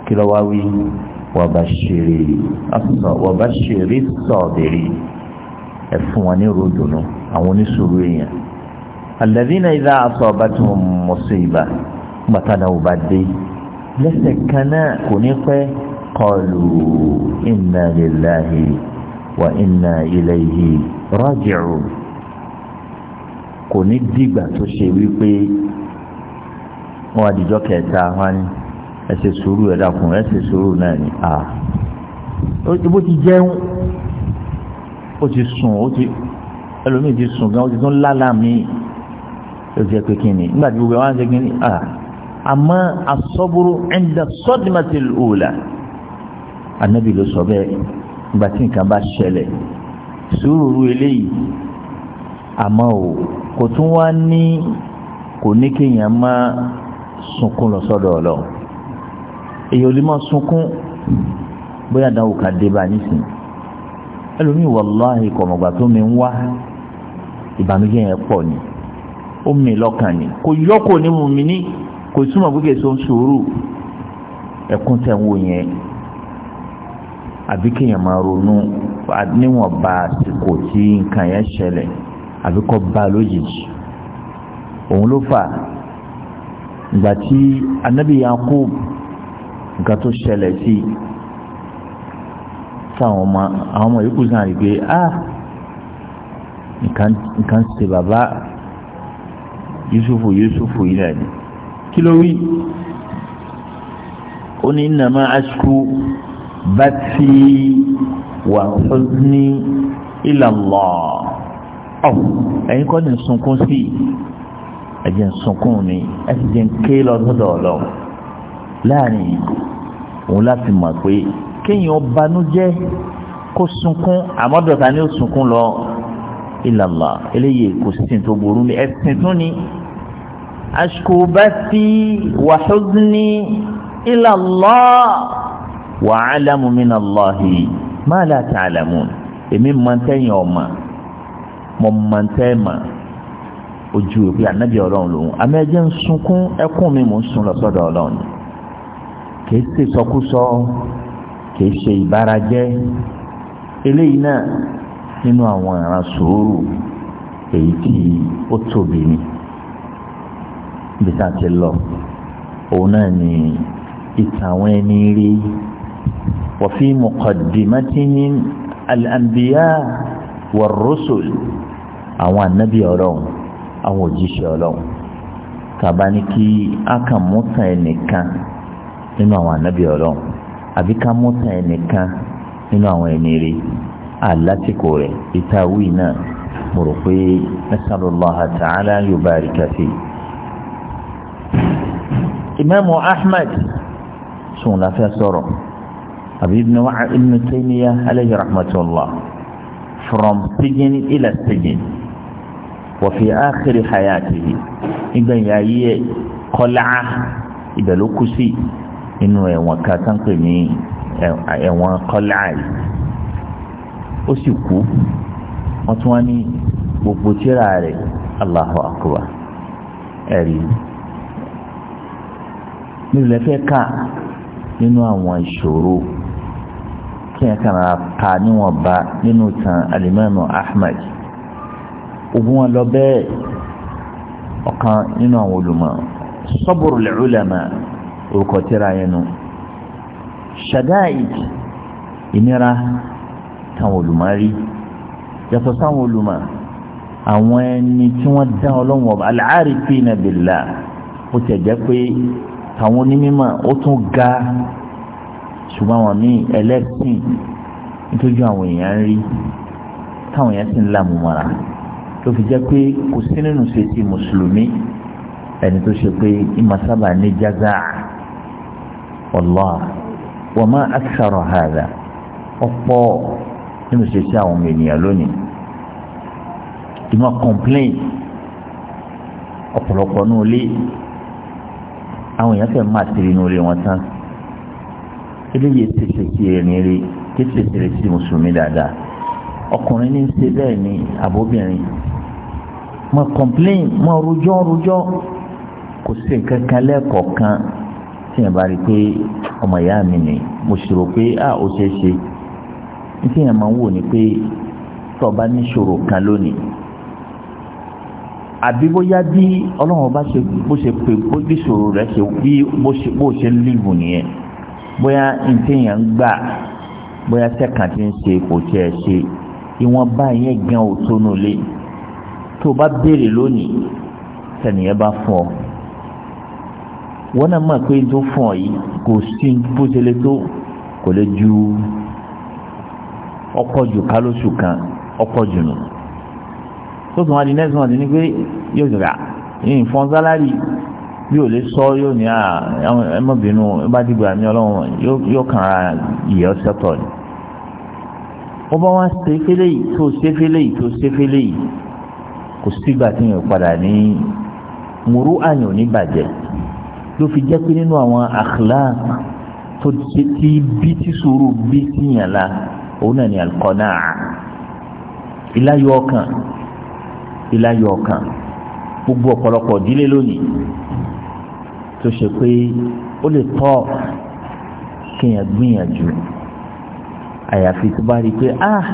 kí ló wá wí wàbáṣeré sọ̀bẹ̀rẹ̀ ẹ fún wọn ní ròdùnú àwọn oníṣòro èèyàn alladhina idha asabatuhum musiba gbàtàdà ò bá dé lẹ́sẹ̀ kan náà kò ní pẹ́ qalu inna lillahi wa inna ilayhi raji'un kò ní dìgbà tó ṣe wípé wọn àdìjọ kẹta wọn ni ẹ ṣe sùúrù ẹ dákun ẹ ṣe sùúrù náà ni a bó ti jẹun ó ti sùn ó ti ẹlòmíì ti sùn gan ó ti tún lálà mí ó jẹ pé kíni nígbà tí gbogbo àwọn ṣe kíni a àmọ́ asọ́búrú ẹ̀ńdà sọ́dìmọ̀tì òòlà ànábì ló sọ bẹ́ẹ̀ nígbà tí nǹkan bá ṣẹlẹ̀ sùúrù eléyìí àmọ́ o kò tún wá ní kò ní kéèyàn má sunkún lọ sọ́dọ̀ ọlọ́run èyí ò lè máa sunkún bóyá dáwò ká dé bá nísìnyí ẹlòmíì wàláhì kọ̀mọ̀gbà tó mi ń wá ìbànújẹ́ yẹn pọ̀ ni ó mi lọ́kàn ni kò yọkò ní mu mi ní kò túmọ̀ pé kèso ń sòrò ẹkún tẹ̀ ń wò yẹn àbí kéèyàn máa ronú níwọ̀n ba àsìkò tí nǹkan yẹn ṣẹlẹ̀ àbí kọ́ ba lójijì òun ló fà ìgbà anábìyàn kú nǹkan tó ṣẹlẹ̀ sí táwọn ọmọ àwọn ọmọ yòókù sáà rí pé a ah, nǹkan ṣe bàbá Yusufu Yusufu yìí náà ni kí ló wí ó ní nàmá ashku bàtí wà huzni ila Allah ọ ẹ̀yin kọ́ ni sunkún sí ẹ̀jẹ̀ sunkún ni ẹ̀jẹ̀ ń ké lọ́dọ̀ọ́lọ́wọ́ láàrin ìlú òun láti mọ̀ pé kéèyàn banújẹ́ kó sunkún àmọ́dọ̀ta ni ó sunkún lọ ìlàlá eléyìí kò sí tó burú ní ẹ̀sìn tún ni ashkubati wa huzni ìlàlá wa alamu minallahi ma la ta'lamun èmi mọ̀ tẹ́yìn ọ̀ma mọ̀ mọ̀ tẹ́ mà ojú òkè ànábì ọlọ́run lòun àmì ẹ̀jẹ̀ ń sunkún ẹkún mi mò ń sun lọ sọ́dọ̀ ọlọ́run ni kìí ṣe sọkúsọ kìí ṣe ìbárajẹ́ eléyìí náà nínú àwọn ìran sùúrù èyí tí ó tóbi ni bí sáà ti lọ òun náà ni ìtàn àwọn ẹni rí wọ́fí mọ̀kàdìmátìní alàǹbíyá wọ̀rọ̀sọ̀l àwọn ànábì ọlọ́run àwọn òjíṣẹ́ ọlọ́run tàbá ní kí a kàn mú tàn ẹnìkan nínú àwọn ànábì ọlọ́run àbí ká mọ́tà ẹnìkan nínú àwọn ẹni rí àlásìkò rẹ̀ ìtawí náà mo rò pé nasalullaha ta'ala yubarika fi. imaamu ahmed sùn láfẹ́ sọ̀rọ̀ àbí ibn taymiya alayhi rahmatulah from sijin ila sijin wa fi akhiri hayatihi ìgbẹ̀yìn ayé kọ́lá ibẹ̀ ló inú ẹ̀wọ̀n kan tó ń pè ní ẹ̀wọ̀n kọ́láì ó sì kú wọ́n tún wá ní gbogbo tíra rẹ̀ Allahu akbar ẹ̀rí nílùú ẹ̀fẹ́ ká nínú àwọn ìṣòro kí ẹ̀ kàn máa pa níwọ̀nba nínú tan alimami Ahmad ogun wọn lọ bẹ́ẹ̀ ọ̀kan nínú àwọn olùmọ̀ sabru al-ulama orúkọ tíra yẹn nù ṣàdáìd ìnira táwọn olùmọ̀rí yàtọ̀ sáwọn olùmọ̀ àwọn ẹni tí wọ́n dá ọlọ́wọ́n ọba al-arifina billah ó tẹ̀ jẹ́ pé táwọn onímọ̀ ó tún ga ṣùgbọ́n àwọn míì ẹlẹ́sìn nítorí àwọn èèyàn ń rí táwọn èèyàn sì ń làmú mọ́ra ló fi jẹ́ pé kò sí nínú ṣe ti mùsùlùmí ẹni tó ṣe pé ìmọ̀ sábà ní jágáà. والله وما أكثر هذا hadha ọ̀pọ̀ nínú ṣe sí àwọn ènìyàn lónìí ìmọ̀ complain ọ̀pọ̀lọpọ̀ ní ilé àwọn èèyàn fẹ́ máa tiri ní ilé wọn tán eléyìí tètè kí erin rí tètè tèrè sí mùsùlùmí dáadáa ọkùnrin ní ṣe bẹ́ẹ̀ ni àbóbìnrin mọ̀ complain mọ̀ rojọ́ rojọ́ kò sí nǹkan kan lẹ́ẹ̀kọ̀ọ̀kan tíyẹn bá rí i pé ọmọ ìyá mi ni mo sì rò pé a ah, ó ṣeé ṣe tíyẹn máa ń wò ni pé tó o bá níṣòro kan lónìí àbí bóyá bí ọlọ́run bá ṣe bó ṣe pé bó bí ṣòro rẹ̀ ṣe bí bó ṣe ń lìbù nìyẹn bóyá ntíyẹn ń gbà bóyá sẹ́kàn ti ń ṣe kò tiẹ̀ ṣe ìwọ̀n bá yẹn òtónú lé tó o bá béèrè lónìí tẹ̀nìyẹn bá fún ọ wọn náà mọ̀ pé tó fún ọ yìí kò sí bó ṣe lè tó kò lè ju ọ̀pọ̀ jù kálóṣù kan ọ̀pọ̀ jù nù tó tún wá di next month ni pé yóò gbà yìí fún sálárì bí ò lè sọ yóò ní ẹmọbìnú bá dìgbà mi ọlọ́run yóò kàn ra ìyẹ́ ọ̀sẹ̀tọ̀ ni ó bá wá ṣe fẹ́lẹ́ yìí tó ṣe fẹ́lẹ́ yìí tó ṣe fẹ́lẹ́ yìí kò sígbà tí yóò padà ní mùrú àyàn ò ní bàjẹ́ ló fi jẹ́ pé nínú àwọn akhlaq tó ti bí tí sùúrù bí tí yàn la òun náà ni alqanaa ìláyọ̀ ọkàn ìláyọ̀ ọkàn gbogbo ọ̀pọ̀lọpọ̀ ìdílé lónìí tó ṣe pé ó lè tọ́ kéèyàn gbìyànjú àyàfi tó bá rí i pé ah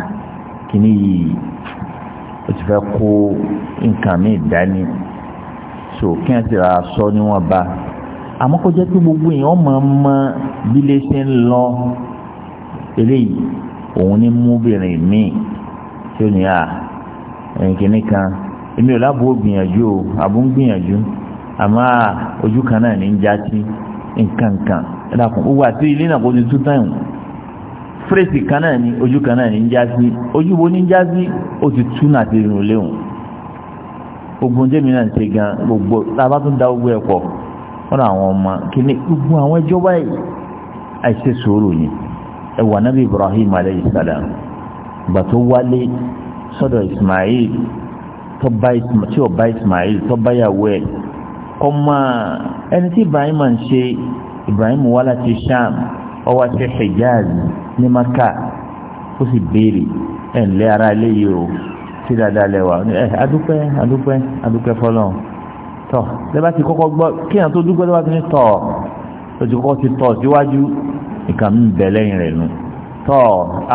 kìíní yìí ó ti fẹ́ kó nǹkan mi dání so kéèyàn ti ra sọ níwọ̀n bá àmọ́ kó jẹ́ pé gbogbo èèyàn mọ̀ mọ́ bí lè ṣe ń lọ eléyìí òun ní mú obìnrin míì tí ó ní à ẹ̀yìnkìnní kan èmi ò lábò gbìyànjú o àbò ń gbìyànjú àmọ́ ojú kan náà ní ń já sí nǹkan kan ẹ̀dàkùn owó àti ilé náà kò ti tún tán ìwọ̀n kan náà ní ojú kan náà ní ń já sí ojú wo ní ń já sí ó ti tún náà ti rìn léwọ̀n gbogbo ń jẹ́mi náà ń ṣe gan gbogbo tá a bá tún da gbogbo ẹ̀ pọ̀ wọn àwọn ọmọ kíní gbogbo àwọn ẹjọ́ báyìí àìṣe sùúrù ni ẹwà nàbí Ibrahim alayhi salam ìgbà tó wálé sọ́dọ̀ Ismail tó bá tí ò bá Ismail tó bá yàwó ẹ̀ ọmọ ẹni tí Ibrahim ń ṣe Ibrahim wá láti Sham ó wá sí Hijaz ní Maka ó sì béèrè ẹ̀ ńlẹ́ ara ilé yìí o sí dáadáa lẹ́wà ẹ̀ adúpẹ́ adúpẹ́ adúpẹ́ fọlọ́n tọ̀ lẹ́bàá ti kọ́kọ́ gbọ́ kéèyàn tó dúpẹ́ lọ́wọ́ ti ní tọ̀ lójú kọ́kọ́ ti tọ̀ síwájú nǹkan mi bẹ̀ lẹ́yìn rẹ̀ nù tọ̀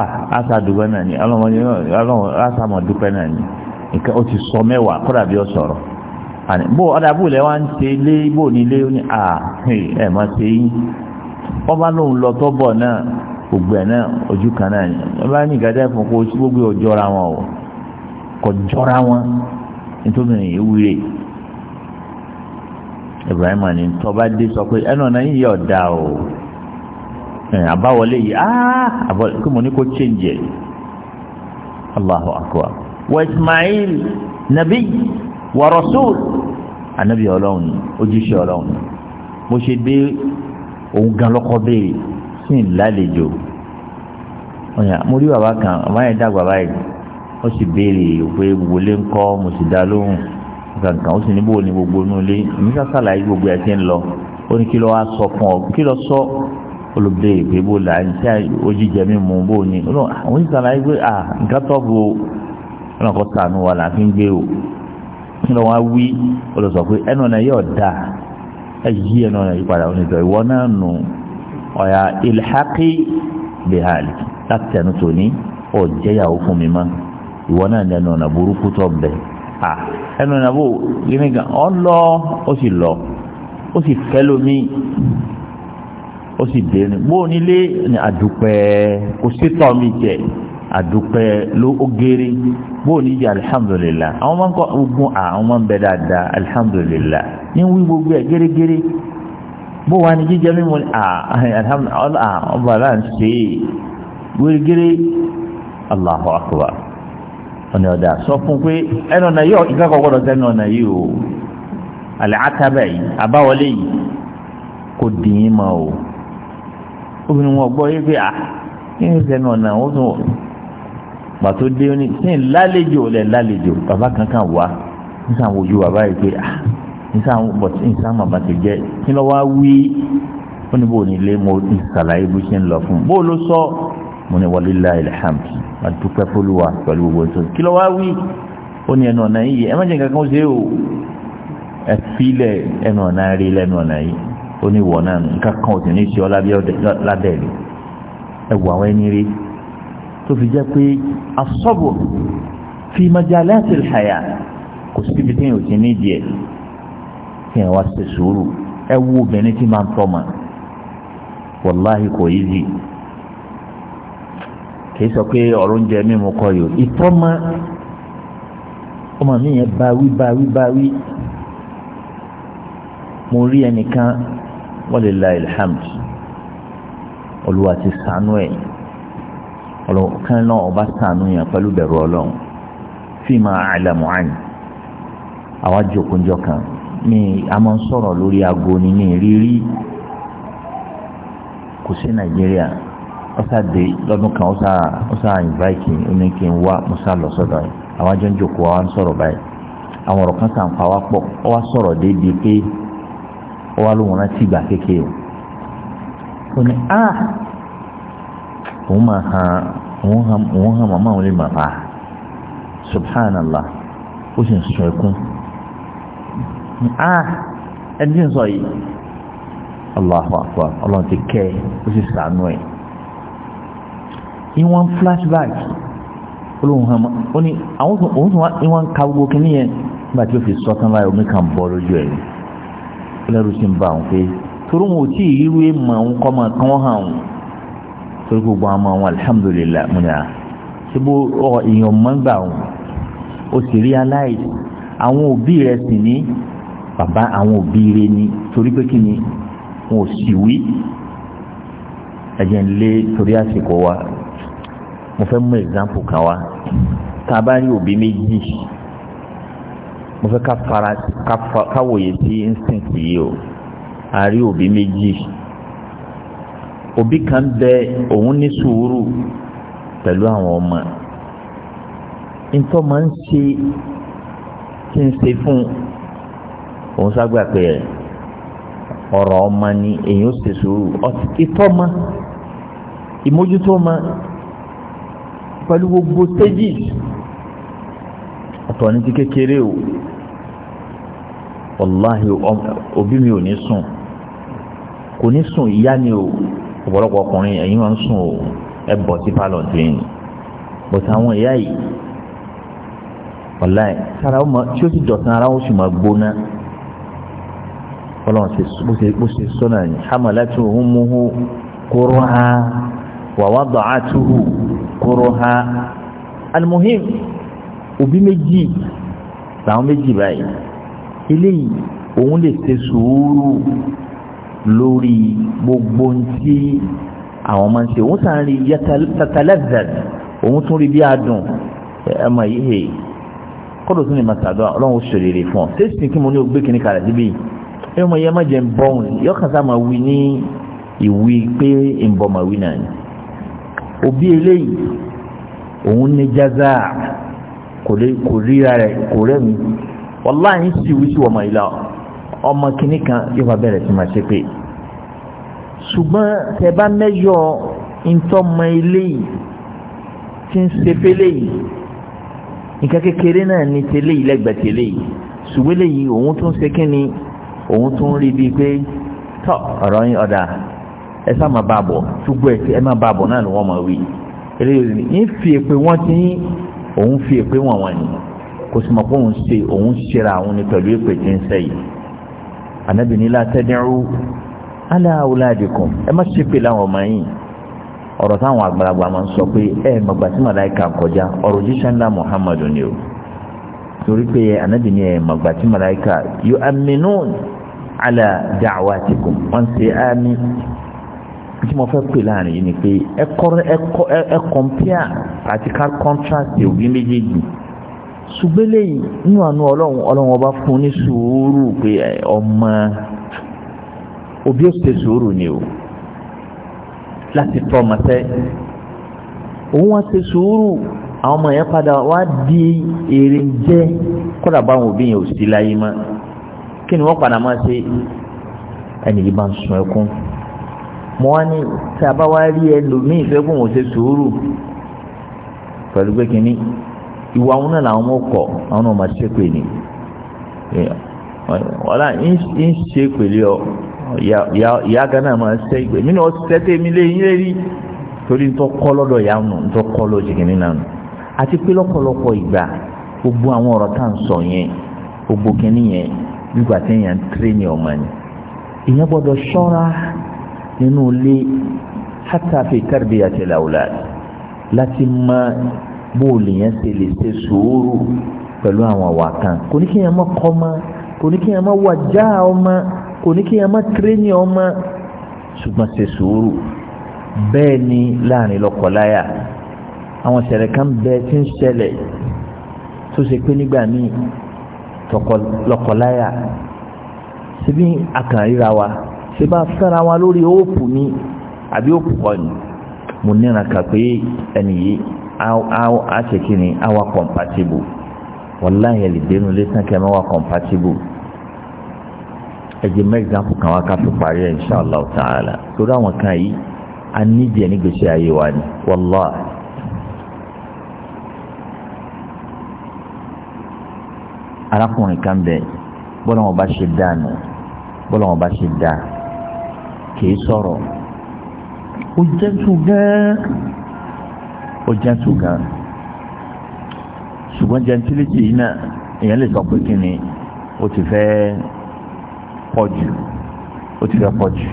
à ah, àṣà dúpẹ́ náà ni ọlọ́mọdé ọlọ́mọ àṣà mọ̀ dúpẹ́ náà ni nǹkan ó ti sọ mẹ́wàá kọ́dà bí ó sọ̀rọ̀ àní bó ọ̀dà bó lẹ́ wá ń ṣe lé bó ní lé ní à ẹ̀ mọ̀ ṣe yín wọ́n bá lóun lọ tó bọ̀ náà gbogbo náà ojú kan náà ni wọ́n bá ní ìgbàdá fún kó gbogbo ọjọ́ra wọn o kò jọra wọn nítorí ìwúre Ibrahim ni tọba dé sọ pé ẹnu ọ̀nà yìí yọ̀ da o àbáwọlé yìí áá ah! kí mo ní kó change ẹ̀ Allahu akwa. wa Ismail nabi wa rasul anabi ọlọ́run ojúṣe ọlọ́run mo ṣe dé òun gan lọ́kọ́ bẹ́ẹ̀ sí ìlàlejò ọ̀yà mo rí bàbá kan bàbá yẹn dàgbà báyìí ó sì béèrè pé wọlé ńkọ́ mo sì dá lóhùn kankan ó sì níbo ni gbogbo inú ilé nígbà sàlàyé gbogbo ẹ̀ ti ń lọ ó ní kí ló wá sọ fún ọ kí ló sọ olùbẹ̀rẹ̀ pé bó la ní sẹ́ ojíjẹ mi mú bó ni ó ní sàlàyé pé à nǹkan tó bu ọlọ́kọ̀ sànù wà láàfin gbé o kí ló wá wí olùsọ pé ẹnu ọ̀nà yóò dáa ẹ yí ẹnu ọ̀nà yìí padà onídọ̀ ìwọ náà nù ọ̀yà ilhaqi bihali láti tẹnu tòní ọ̀jẹ̀yàwó fún mi mọ́ ìwọ náà ẹnu ìnáwó yìí gan ọ lọ ó sì lọ ó sì fẹ́ lómi ó sì dẹnu bóun nílé ní àdúpẹ́ kò sí tọ́ mi jẹ àdúpẹ́ ló ogere bóun níjẹ alihamudulilayi àwọn máa ń kọ́ ogun àwọn máa ń bẹ dáadáa alihamudulilayi ní wí gbogbo ẹ̀ gẹ́gẹ́rẹ́ bó wà ní jíjẹ mímu ni alhamdulilayi ọba aláǹsẹ̀ wíwígẹ́rẹ́ Allahu akbar ọ̀nà ọ̀dà sọ fún pé ẹnu ọ̀nà yìí ìkẹ́kọ̀ọ́ gbọ́dọ̀ sẹ́nu ọ̀nà yìí o àlẹ́ àtàbẹ̀ yìí àbáwọlé yìí kò dín in mọ́ o obìnrin wọn gbọ́ yìí pé à kí ni sẹ́nu ọ̀nà ó tún wọ̀ pàtó dé ní sí ní lálejò lẹ̀ lálejò bàbá kankan wà nísà àwọn ojú bàbá yìí pé à nísà àwọn bọ̀tí nísà àwọn bàtẹ̀ jẹ́ kí lọ́ wá wí ó ní bò ní ilé mo ti sàlàyé bó ṣe ń lọ fún bó ló sọ mo ní walillahi alhamd àdúpẹ́ fọlùwà pẹ̀lú gbogbo ètò kí ló wá wí ó ní ẹnu ọ̀nà yìí ẹ má jẹ́ kankan ṣe o ẹ filẹ̀ ẹnu ọ̀nà rí lẹ́nu ọ̀nà yìí ó ní wọ̀ náà nǹkan kan ò sì ní ṣe ọ lábẹ́ rẹ̀ ẹ wọ àwọn ẹni rí tó fi jẹ́ pé asọ́bù fi majalati alhaya kò síbi tí yẹn ti ní díẹ̀ tí yẹn wá ṣe sùúrù wo obìnrin tí máa ń tọ́ ma wàláhì kò yí kì í sọ pé ọ̀rọ̀ oúnjẹ mímu kọ yòó ìtọ́mọ ọmọ mi yẹn báwí báwí báwí mo rí ẹnìkan walillahi alhamd olúwa ti sànú ẹ̀ ọlọ́kan náà ọba sànú yẹn pẹ̀lú bẹ̀rù ọlọ́run fíìmà àlàmù àní àwa jòkójọ kan ní a máa ń sọ̀rọ̀ lórí aago ní ní rírí kò sí nàìjíríà. ọ̀sàdé lọ́dún kan ọ̀sà invite ní kí n wá musa lọ sọ́dọ̀ yìí àwọn ajọ́ ń jòkó wa ń sọ̀rọ̀ báyìí àwọn ọ̀rọ̀ kan sàn wá pọ̀ ọ wá sọ̀rọ̀ débi pé ọ wá ìgbà kékeré o ó a ah! òun máa hàn òun hàn màmá òun lè ó sì ń sọ ẹkún a ah! ẹni tí ń sọ yìí ìwọ̀n flashback olóhùn hàn ó ní àwọn òun tún wá ìwọ̀n ka gbogbo kìíní yẹn nígbà tí ó fi sọ́tàn láì omi kan bọ́ lójú ẹ̀ lẹ́rù sí ń bá òun pé torí wọn ò tí ì irú èèmọ̀ òun kọ́ máa kán hàn òun torí gbogbo àwọn àwọn alihamudulilayi mo ní à ah, ṣé bó ọ èèyàn mọ́ gbà òun ó sì rí aláìsí àwọn òbí rẹ̀ sì ní bàbá àwọn òbí rẹ̀ ní torí pé kí ni wọn ò sì wí ẹ̀jẹ̀ ń lé torí àsìkò wa mo fẹ́ mú example kan wá tá a bá rí òbí méjì mo fẹ́ ká fara ká wòye sí instinct yìí o a rí òbí méjì òbí kan bẹ òun ní sùúrù pẹ̀lú àwọn ọmọ ntọ́ máa ń ṣe kí n ṣe fún òun ságbà pé ọ̀rọ̀ ọmọ ni èyí ṣe sùúrù ìtọ́ ma ìmójútó ma pẹ̀lú gbogbo stages ọ̀tọ̀ ní ti kékeré o wàláhì òbí mi ò ní sùn kò ní sùn ìyá ni o ọ̀pọ̀lọpọ̀ ọkùnrin ẹ̀yin máa ń sùn o ẹ bọ̀ sí pálọ̀ tẹ̀yìn àwọn ìyá yìí wàláhì sára ó máa tí ó sì dọ̀tán ara ó sì máa gbóná ọlọ́run bó ṣe sọ́nà ní hamalatu yadhkuruha almuhim òbí meji, làwọn méjì báyìí eléyìí òun lè ṣe sùúrù lórí gbogbo ntí àwọn máa ń ṣe òun sàn rí yatalazad òun tún rí bí adùn ẹ mọ yìí hè kọ́dọ̀ tún lè máa ṣàdọ́ ọlọ́run ó ṣèlérí fún ọ tẹ́sí kí mo ní o gbé kíní síbí ẹ mọ yẹ má jẹ ń bọ̀ òun yọkàn sá máa wí ní ìwí pé ń bọ̀ máa wí náà ni òbí eléyìí òun ní jaza kò lè kò ríra rẹ kò rẹ́mi wàláhì sì wíṣí wọ́n mọ̀ ìlà ọmọ kìíní kan yóò bá bẹ̀rẹ̀ sí máa ṣe pé ṣùgbọ́n tẹ bá mẹ́yọ ntọ́mọ eléyìí tí ń ṣe fẹ́lẹ́ nǹkan kékeré náà ní tẹ́lẹ̀ yìí lẹ́gbẹ̀ẹ́ tẹ́lẹ̀ yìí ṣùgbọ́n eléyìí òun tún ṣe kí ni òun tún rí bíi pé tọ́ ọ̀rọ̀ yín ọ̀dà ẹ sá máa bá a bọ̀ ṣùgbọ́n ẹ ti ẹ máa bá a bọ̀ náà ni wọ́n máa wí eléyìí ní fi èpè wọ́n ti ní òun fi èpè wọ̀n wọ̀n ni kò sì mọ̀ pé òun ṣe òun ṣera òun ni pẹ̀lú èpè tí ń sẹ́yìn Ànábì ní la tad'u ala awladikum ẹ má ṣépè láwọn ọmọ yìí ọ̀rọ̀ táwọn àgbàlagbà máa ń sọ pé ẹ mọ̀gbà tí màláìka kọjá ọ̀rọ̀ jíṣẹ́ ńlá Muhammadu ni o torí pé Ànábì ní ẹ mọ̀gbà tí màláìka yu'minun ala da'watikum wọ́n ṣe àmì tí mo fẹ́ pè láàrin yìí ni pé ẹ compare àti ká contrast òbí méjèèjì ṣùgbọ́n lẹ́yìn nínú àánú ọlọ́run ọlọ́run ọba fún ní sùúrù pé ọmọ òbí ó ṣe sùúrù ni o láti tọ́ ọmọ sẹ́ òun wá ṣe sùúrù àwọn ọmọ yẹn padà wá di èrè jẹ́ kódà báwọn òbí yẹn ò sí láyé mọ́ kí ni wọ́n padà máa ṣe ẹnì yìí bá ń sun ẹkún. mo wá ní tí a bá wá rí ẹlòmíì fẹ́ kó wọn ṣe sùúrù pẹ̀lú pé kínní ìwà náà làwọn kọ àwọn ṣe pè ní ọ̀la ń ṣe pèlè ọ ìyá gánà máa ṣe mí náà tẹ́tẹ́ mi lé yín lérí torí ń lọ́dọ̀ ìyá nù ń lọ́dọ̀ nù àti pé lọ́pọ̀lọpọ̀ ìgbà gbogbo àwọn ọ̀rọ̀ tá à ń sọ yẹn gbogbo kínní yẹn nígbà tí èèyàn ń ni ìyẹn gbọ́dọ̀ ṣọ́ra nínú ilé hátà fi tarbiyatil awlad láti mọ bóòlù yẹn ṣe lè ṣe sùúrù pẹ̀lú àwọn àwa kan kò ní kí yẹn mọ kọ́ mọ́ kò ní kí yẹn mọ wàjá ọmọ kò ní kí yẹn mọ tírénì ọmọ ṣùgbọ́n ṣe sùúrù bẹ́ẹ̀ ni láàrin lọ́kọ̀láyà àwọn ṣẹ̀rẹ̀ kan bẹ́ẹ̀ tí ń ṣẹlẹ̀ tó ṣe pé nígbà míì lọ́kọ̀láyà síbí àkànríra wa ṣe bá fẹ́ra wa lórí òòpù ni àbí òòpù kọ́ ni mo níra kà pé ẹni yìí a ṣe kí ni a wà compatible wàláhì ẹ̀ lè dénú lẹ́sàn kí ẹ má wà compatible ẹ jẹ́ mẹ́gbàpù kan wá ká fi parí ẹ̀ inṣàlá ta'ala torí àwọn kan yìí a níjẹ̀ nígbèsè ayé wa ni wàláhì. arákùnrin kan bẹ bọ́lá wọn bá ṣe dáa nù bọ́lá wọn bá ṣe dáa kìí sọ̀rọ̀ ó jẹ́tù gan-an ó jẹ́tù gan-an ṣùgbọ́n jẹ́ntílítì yìí náà èèyàn lè sọ pé kí ni ó ti fẹ́ pọ̀ jù ó ti fẹ́ pọ̀ jù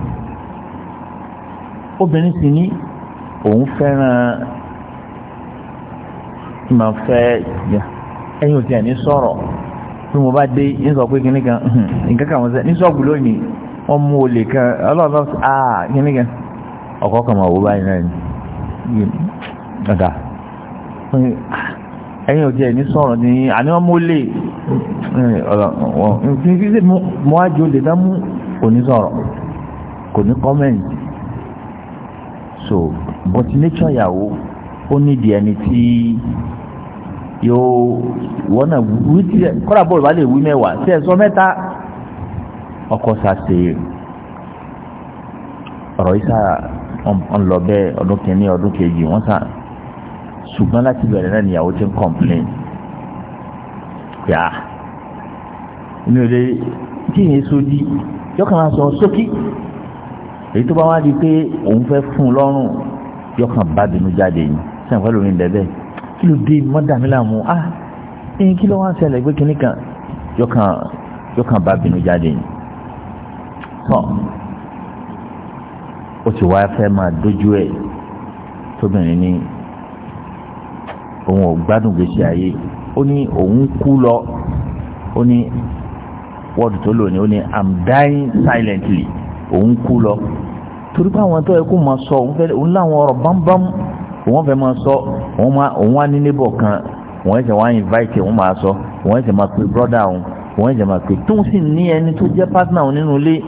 obìnrin sì ní òun fẹ́ràn máa fẹ́ ẹ̀yin ò tiẹ̀ ní sọ̀rọ̀ bí mo bá dé ń sọ pé kí ni kan nǹkan kan wọ́n sẹ́ ní sọ́ọ̀bù lónìí wọ́n mú olè kan ọlọ́run àà kíní kan ọkọ̀ kan máa wò báyìí náà ni ọ̀gá ẹ̀yin ò jẹ́ ní sọ̀rọ̀ ní àní wọ́n mú olè ọ̀rọ̀ ní mú ájú olè náà mú kò ní sọ̀rọ̀ kò ní kọ́mẹ̀ntì so but nature yàwó ó nídìí ẹni tí yóò wọ́n náà wí tí kọ́ra bọ́ọ̀lù bá lè wí mẹ́wàá tí ẹ̀ sọ mẹ́ta ọkọ sase ọ̀rọ̀ yìí sá ọ̀nlọ bẹ́ẹ̀ ọdún kìíní ọdún kejì wọ́n sá ṣùgbọ́n láti bẹ̀rẹ̀ náà nìyàwó ti ń kọ̀mplain yá inú ilé tí yẹn sódì yọkàn máa sọ sókí èyí tó bá wá di pé òun fẹ́ fún un lọ́rùn yọkàn bá bínú jáde yìí sẹ́yìn pẹ́ lómi bẹ́ẹ̀ kí ló dé mọ́dàmí làmú ah ẹ̀yìn kí ló wá ń ṣẹlẹ̀ pé kìnnìkan yọkàn yọkàn bá bínú jáde yìí tán ó ti wá fẹ́ máa dójú ẹ̀ tóbìnrin ní òun ò gbádùn gbèsè ayé ó ní òun kú lọ ó ní wọ́ọ̀dù tó lò ní ó ní i'm dying silently òun kú lọ torí pé àwọn tó yẹ kó máa sọ òun fẹ́ òun láwọn ọ̀rọ̀ bámbám òun fẹ́ máa sọ òun máa òun wá ní níbọ̀ kan òun ẹ̀sẹ̀ wá invite òun máa sọ òun ẹ̀sẹ̀ máa pe brother òun òun ẹ̀sẹ̀ máa pe tóun sì ní ẹni tó jẹ́ partner òun nínú ilé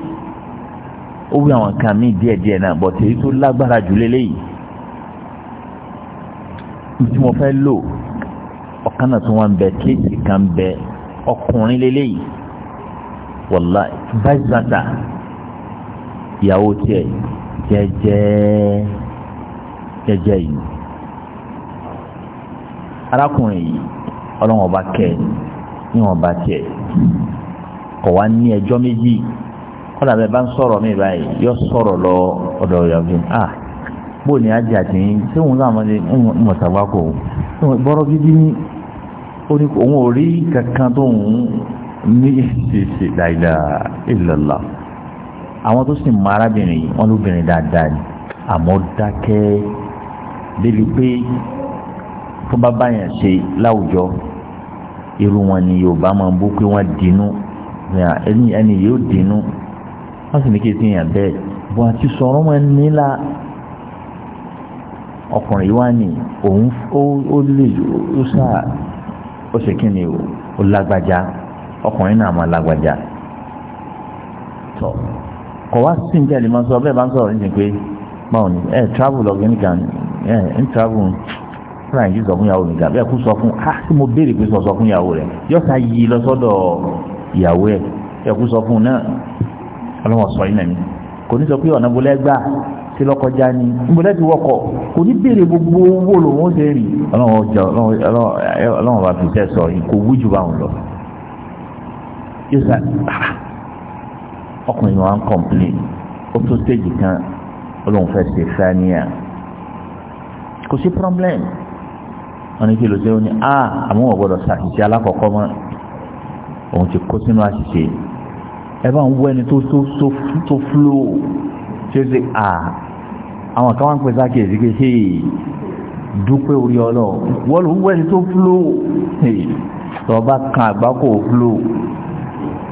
ó wí àwọn kan mí díẹ̀ díẹ̀ náà bọ̀ tèyí tó lágbára jù lélẹ́yìí tí mo fẹ́ lò ọ̀kan náà tí wọ́n ń bẹ kéèsì kan ń bẹ ọkùnrin lélẹ́yìí wàlá vice versa ìyàwó tiẹ̀ jẹ́jẹ́ jẹ́jẹ́ yìí arákùnrin yìí ọlọ́wọ́n ọba kẹ́ ẹ̀ níwọ̀n ọba tiẹ̀ kọ̀ wá ní ẹjọ́ méjì kọ́dà bẹ́ẹ̀ bá ń sọ̀rọ̀ mi báyìí yọ sọ̀rọ̀ lọ ọ̀dọ̀ ìyàwó ah bó ni ajé àti yín tí òun náà mọ̀ ní mọ̀tàwá kò bọ́rọ̀ gidi ní òun ò rí kankan tó ń ní ìṣèṣe dáadáa ìlọ́lá àwọn tó sì mọ arábìnrin yìí wọ́n lóbìnrin dáadáa ni àmọ́ dákẹ́ débi pé tó bá báyàn ṣe láwùjọ irú wọn ni Yorùbá máa ń bú pé wọ́n dínú ẹni yóò dínú wọ́n sì ní kí n yàn bẹ́ẹ̀ bọ́n àti sọ̀rọ̀ wọn nílà ọkùnrin wa ni òun ó lè ó sà ó ṣe kí ni ó lágbájá ọkùnrin náà máa lágbájá tọ kọ wá sí ní tẹ́lẹ̀ máa sọ bẹ́ẹ̀ bá ń sọ̀rọ̀ níbi pé báwo ni ẹ travel lọ gbẹ́ni kan ẹ ń travel fúnra yìí sọ fún ìyàwó mi gan bẹ́ẹ̀ kú sọ fún ah tí mo béèrè pé sọ sọ fún ìyàwó rẹ̀ yọ̀ọ́ta yìí lọ sọ́dọ̀ ìyàwó ẹ̀ ẹ̀ kú sọ fún náà ọlọ́wọ́ sọ iná mi kò ní sọ pé ọ̀nà bolẹ́ gbà tí lọ́kọjá ni bolẹ́ ti wọkọ̀ kò ní béèrè gbogbo owó lòun ó ṣe rì ọlọ́wọ́ jọ ọlọ́wọ́ bá fi tẹ́ sọ yìí kò wújú bá wọn lọ. yóò sá ah, ọkùnrin wa ń kọ̀m̀plẹ̀n ó tó stéèjì kan ọlọ́run fẹ́ ṣe sáníà kò sí pọ́blẹ́mù wọn ní kí ló ṣe ó ní a ah, àmúwọ̀ gbọ́dọ̀ ṣàṣìṣe alákọ̀ọ́kọ́ mọ́ òun ti kó sínú àṣìṣe yìí ẹ bá ń wọ ẹni tó tó tó tó fúlò tí ó ṣe à àwọn kan wá ń pè sáà kìí ṣe ṣe dúpẹ́ orí ọlọ́ wọ́n ló ń wọ ẹni tó fúlò tọba kan àgbákò fúlò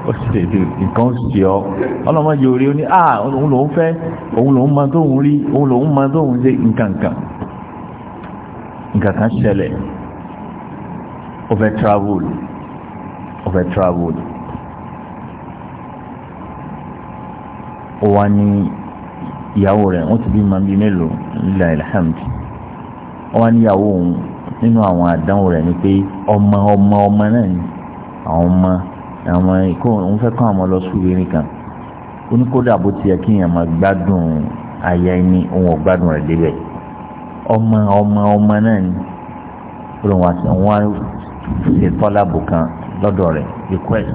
ó sì tètè nǹkan ó sì ṣe ọ ọlọ́mọ yìí orí ó ní à òun lòún fẹ́ òun lòún mọ tóun rí òun lòún mọ tóun ṣe nǹkan kan ṣẹlẹ̀ ó fẹ́ travel ó fẹ́ travel. ó wá ní ìyàwó rẹ̀ wọ́n ti bí ma bíi mélòó nílẹ̀ alhamdi ó wá ìyàwó òun nínú àwọn àdánwò rẹ̀ ni pé ọmọ ọmọ ọmọ náà ni àwọn ọmọ àwọn ìkó òun fẹ́ kọ́ àwọn lọ sùúrù kan oníkódà bó ti kí èèyàn máa gbádùn aya ẹni òun ò gbádùn rẹ̀ débẹ̀ ọmọ ọmọ ọmọ náà ni olùwọ̀n àti àwọn ṣètọ́lábù kan lọ́dọ̀ rẹ̀ request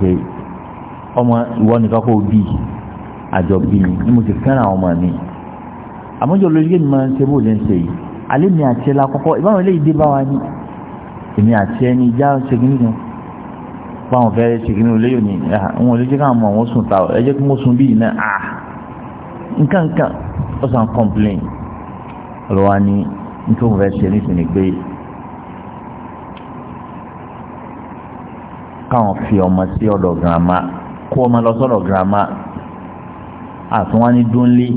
pé ọmọ ìwọ nìkan kò bí àjọ bí ni mo ti fẹ́ràn ọmọ mi àmọ́jọ lórí yé mi máa ń ṣe bó lè ń ṣe yìí alẹ́ mi àti ẹ̀ la kọ́kọ́ ìbáwọn eléyìí dé bá wa ní èmi àti ẹni já ṣègínì kan báwọn fẹ́ ṣègínì olóyò ní àwọn olóyè káwọn mọ àwọn sùn ta ọ ẹ jẹ́ kí wọ́n sùn bíi náà ah nǹkan nǹkan ó sàn complain ọlọ́wà ní nítorí òun fẹ́ ṣe nísìnyí pé káwọn fi ọmọ sí ọ̀dọ̀ grandma kó ọmọ lọ sọ́dọ̀ girama àtúnwá ní dúnlé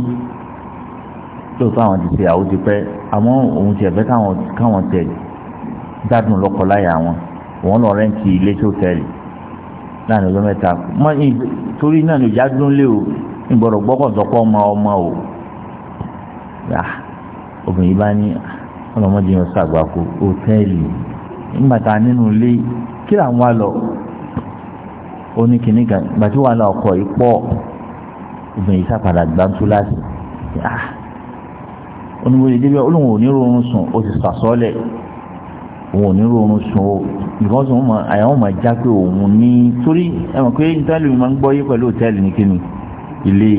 lóòótọ́ àwọn ti ṣe àwọn ti pẹ́ àmọ́ òun ti ẹ̀fẹ́ káwọn tẹ̀ gbádùn lọ́kọ láyà wọn òun lọ rẹ́ǹtì ilé tó tẹ̀lé láàrin ọjọ́ mẹ́ta torí náà ló já dúnlé o ìgbọ́dọ̀ gbọ́kànjọ́pọ̀ ọmọ ọmọ o obìnrin bá ní ọlọ́mọdé yẹn ṣàgbákò òtẹ́ẹ̀lì nígbà tá a nínú ilé kí làwọn wá lọ ó ní kinní kan ìgbà tí wàhálà ọkọ yìí pọ̀ obìnrin yìí sàpàdà gbàǹtú láti ah oníwèé débi olóhùn onírúurú sùn ó ti sàsọ́lẹ̀ òun onírúurú sùn ó because òun máa àyà òun máa já pé òun ní torí ẹ mọ̀ pé ìtẹ́lẹ̀ mi máa ń gbọ́ yé pẹ̀lú òtẹ́ẹ̀lì ní kíni ilé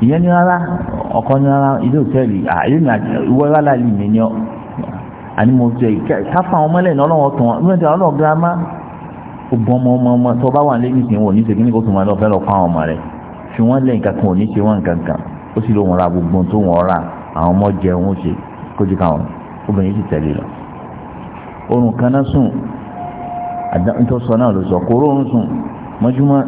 ìyẹn ní rárá ọkọ ní rárá ilé òtẹ́ẹ̀lì à ilé mi àti ìwọ rárá lè mí ní ọ àní mo jẹ káfà ọmọlẹ̀ ọlọ́wọ́ tó wọn ní gbogbo ọmọ ọmọ ọmọ tó bá wà lẹ́yìn ìsìn wọn ò ní ṣe kíní kó tó máa lọ fẹ́ lọ fún àwọn ọmọ rẹ̀ fi wọ́n lẹ́yìn kankan ò ní ṣe wọ́n nǹkan kan ó sì lóun ra gbogbo tó wọ́n ra àwọn ọmọ jẹ òun ṣe kójú káwọn obìnrin sì tẹ̀lé lọ. oorun kan náà sùn àdáńtọ́sọ náà ló sọ kó oorun sùn mọ́júmọ́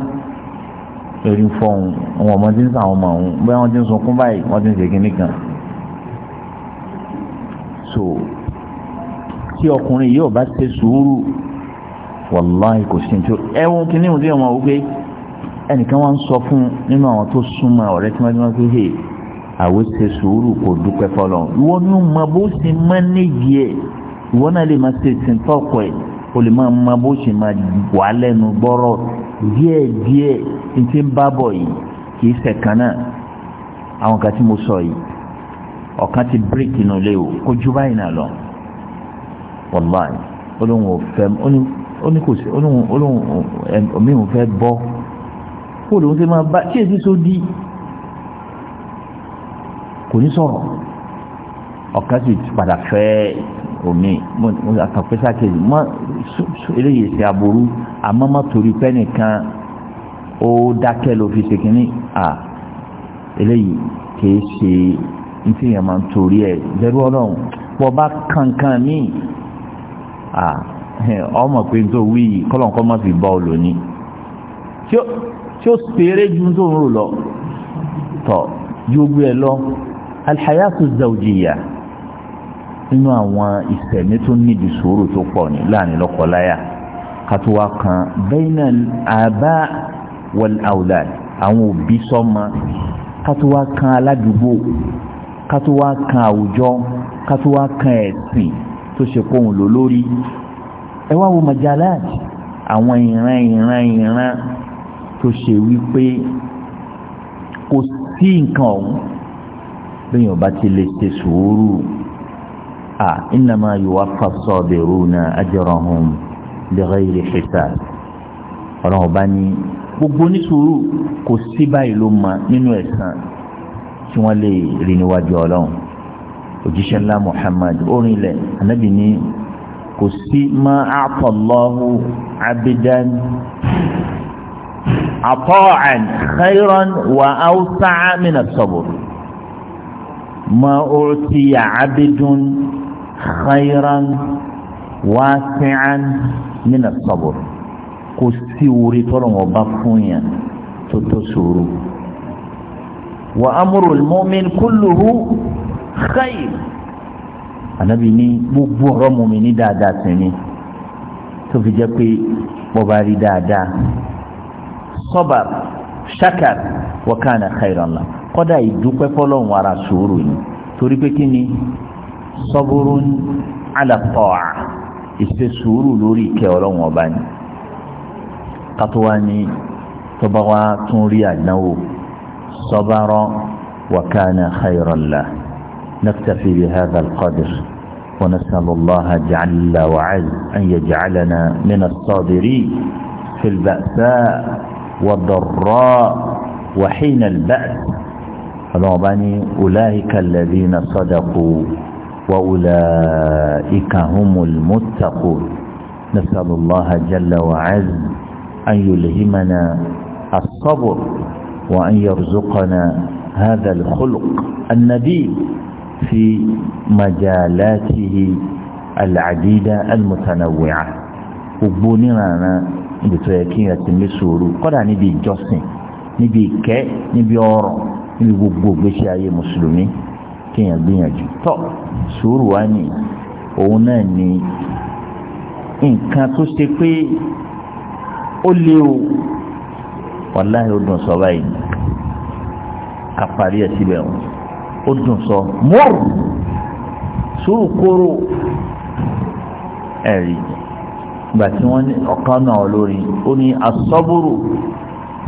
erin fọhùn àwọn ọmọ tí ń sàwọn ọmọ ọhún bóyá wọn ti ń sunkún báyìí wọn ti ń wàláì kò sí tó ẹ̀wọ̀n kìíní ìwọ̀n tí wọ́n máa wò pé ẹnìkan wọ́n ń sọ fún nínú àwọn tó súnmọ́ ọ̀rẹ́ tí wọ́n ti máa pé hey àwọn ṣe sùúrù kò dúpẹ́ fọlọ́ ìwọ ni ó mọ bó ṣe máa níyì ẹ̀ ìwọ náà lè máa ṣe ìsìn tọ́kọ̀ ẹ̀ o lè máa mọ bó ṣe máa wà lẹ́nu gbọ́rọ̀ díẹ̀ díẹ̀ n ti ń bá bọ̀ yìí kì í ṣẹ̀kan náà àwọn kan tí mo sọ yìí ọ̀kan ti bíríkì nù o kó ju báyìí náà lọ wàláì ó lóun ò fẹ́ ó ní ó ní kò sí olóhùn olóhùn ẹ̀mí òun fẹ́ bọ́ kó lóun ṣe máa bá kí èsì tó di kò ní sọ̀rọ̀ ọ̀kan sì padà fẹ́ omi mo àkàpẹ́sà kejì mo eléyìí ṣe aburú àmọ́ má torí pẹ́ nìkan ó dákẹ́ ló fi ṣe kínní à eléyìí kìí ṣe ní tí èèyàn máa ń torí ẹ̀ bẹ̀rù ọlọ́run bọ́ bá kankan míì à ọmọ pé tó wí yìí kọ́lọ̀kọ́ má fi bọ́ ọ lónìí tí ó péré ju tó ń rò lọ tọ̀ yóò gbé ẹ lọ alhayatu zawjiya nínú àwọn ìsẹ̀mí tó níbi sùúrù tó pọ̀ ní láàrin lọ́kọ̀láyà katuwa kan bẹ́ẹ̀nà àbá wal àwọn òbí sọ́mọ katuwa kan aládùúgbò katuwa kan àwùjọ katuwa kan ẹ̀sìn tó ṣe kóhùn lò lórí ẹ wá wo majalati àwọn ìran ìran ìran tó ṣe wípé kò sí nǹkan ọ̀hún lóyìn ọba ti lè ṣe sùúrù à innama yuwaffa sabiruna ajrahum bighayri hisab ọlọ́run ọba ní gbogbo onísùúrù kò sí báyìí ló ma nínú ẹ̀san tí wọ́n lè rí níwájú ọlọ́run òjíṣẹ́ ńlá Muhammad orin ilẹ̀ anábì ní kò sí ma àtọ̀lọ́hu abidan àtọ́àn khayran wà áwùsá mina sọ̀bù ma òrùtìyà abidun khayran wà sẹ́can mina sọ̀bù kò sí wúri tọ́lọ̀ wọn bá fún yàn tó tó sòrò wà amúrò mọ́mìn kúlùhù khayr ànábì ní gbogbo ọ̀rọ̀ mu mi ní dáadáa sí ni tó fi jẹ́ pé mo bá rí dáadáa sọ́bà ṣákàr wa kana khairan la kọ́dà ìdúpẹ́ fọlọ́run ara sùúrù ni torí pé kí ni sọ́bùrún ala ta'a ìṣe lórí ìkẹ́ ọlọ́run ọba ni kátó wá ní tún rí àdánwò sọ́bàrọ̀ wa kana نكتفي بهذا القدر ونسأل الله جل وعز أن يجعلنا من الصابرين في البأساء والضراء وحين البأس فالعباني أولئك الذين صدقوا وأولئك هم المتقون نسأل الله جل وعز أن يلهمنا الصبر وأن يرزقنا هذا الخلق النبيل في مجالاته العديدة المتنوعة وبنينا بتوكين يتمي سورو قد نبي جوسين نبي كي نبي أورو نبي gbogbo gbèsè ayé mùsùlùmí kéèyàn gbìyànjú tọ sùúrù wa ni òun náà ni nǹkan tó ṣe pé ó lé o wàláhì ó dùn sọ báyìí ká parí ẹ síbẹ̀ wọn ó dùn sọ mọ́rù sùúrù kóró ẹ̀rí gbà tí wọ́n ní ọ̀kan náà lórí ó ní asọ́bùrù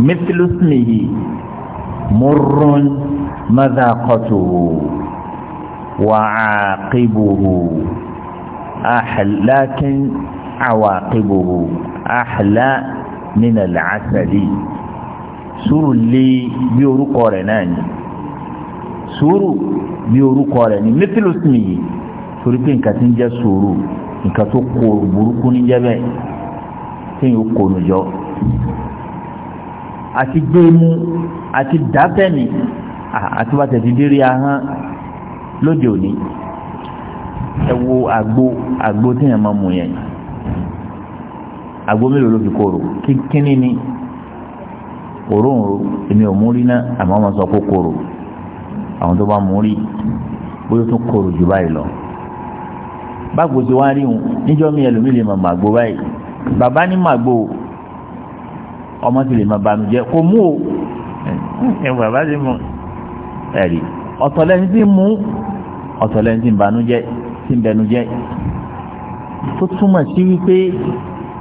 mẹ́tìlúsìmìhì mọ́rún mọ́dàkọ́tò wàákìbòhò àhàlákin àwàkìbòhò àhàlá nínú làásàlì sùúrù lé bí orúkọ rẹ̀ náà ni sùúrù bí orúkọ rẹ̀ ní mẹ́tìlùsìn yìí torí pé nǹkan tí ń jẹ́ sùúrù nǹkan tó kó burúkú ní jẹ́ bẹ́ẹ̀ téèyàn kò nù jọ àti gbẹ̀mú àti dáfẹ́ni àti bàtẹ̀ ti dérí ahọ́n lóde òní ẹ wo àgbo àgbo téèyàn máa mú yẹn àgbo mélòó ló fi kóró kíní ni òróǹro èmi ò mú rí náà àmọ́ wọn sọ kó kóró àwọn tó bá mú rí bóyá tó korò jù báyìí lọ bágbó ti wá rí wọn níjọ́ mi ẹlòmíì lè máa màgbó báyìí bàbá ní màgbó ọmọ ti lè máa banújẹ́ kò mú o ẹ bàbá ti mú ẹ̀rí ọ̀tọ̀lẹ́ni ti mú ọ̀tọ̀lẹ́ni ti banújẹ́ ti bẹnújẹ́ tó túmọ̀ sí wípé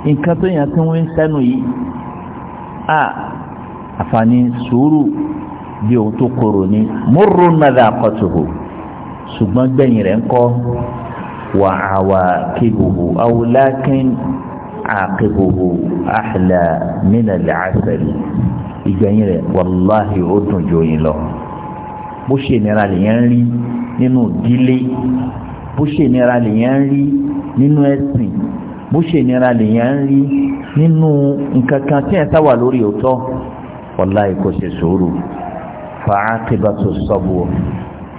nǹkan tó yàn tí wọ́n ń sẹ́nu yìí a àfààní sùúrù bí ohun tó korò ní múrú nàdà àkọtùhù ṣùgbọ́n gbẹ̀yìn rẹ̀ ń kọ́ wà àwà kébùbù awùlákin àkébùbù àhìlà mínà làásẹ̀lì ìgbẹ̀yìn rẹ̀ wàláhì ó dùn ju oyin lọ bó ṣe nira lèyàn ń rí nínú ìdílé bó ṣe nira lèyàn ń rí nínú ẹ̀sìn bó ṣe nira lèyàn ń rí nínú nǹkan kan tí ẹ̀ sáwà lórí òótọ́ wàláhì kò ṣe sùúrù. فعاقبة الصبر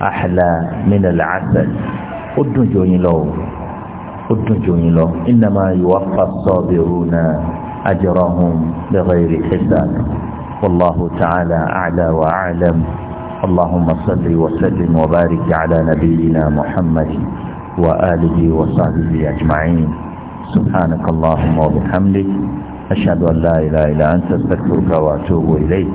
أحلى من العسل أدن جوني لو أدن جوني لو إنما يوفى الصابرون أجرهم بغير حساب والله تعالى أعلى وأعلم اللهم صل وسلم وبارك على نبينا محمد وآله وصحبه أجمعين سبحانك اللهم وبحمدك أشهد أن لا إله إلا أنت استغفرك وأتوب إليك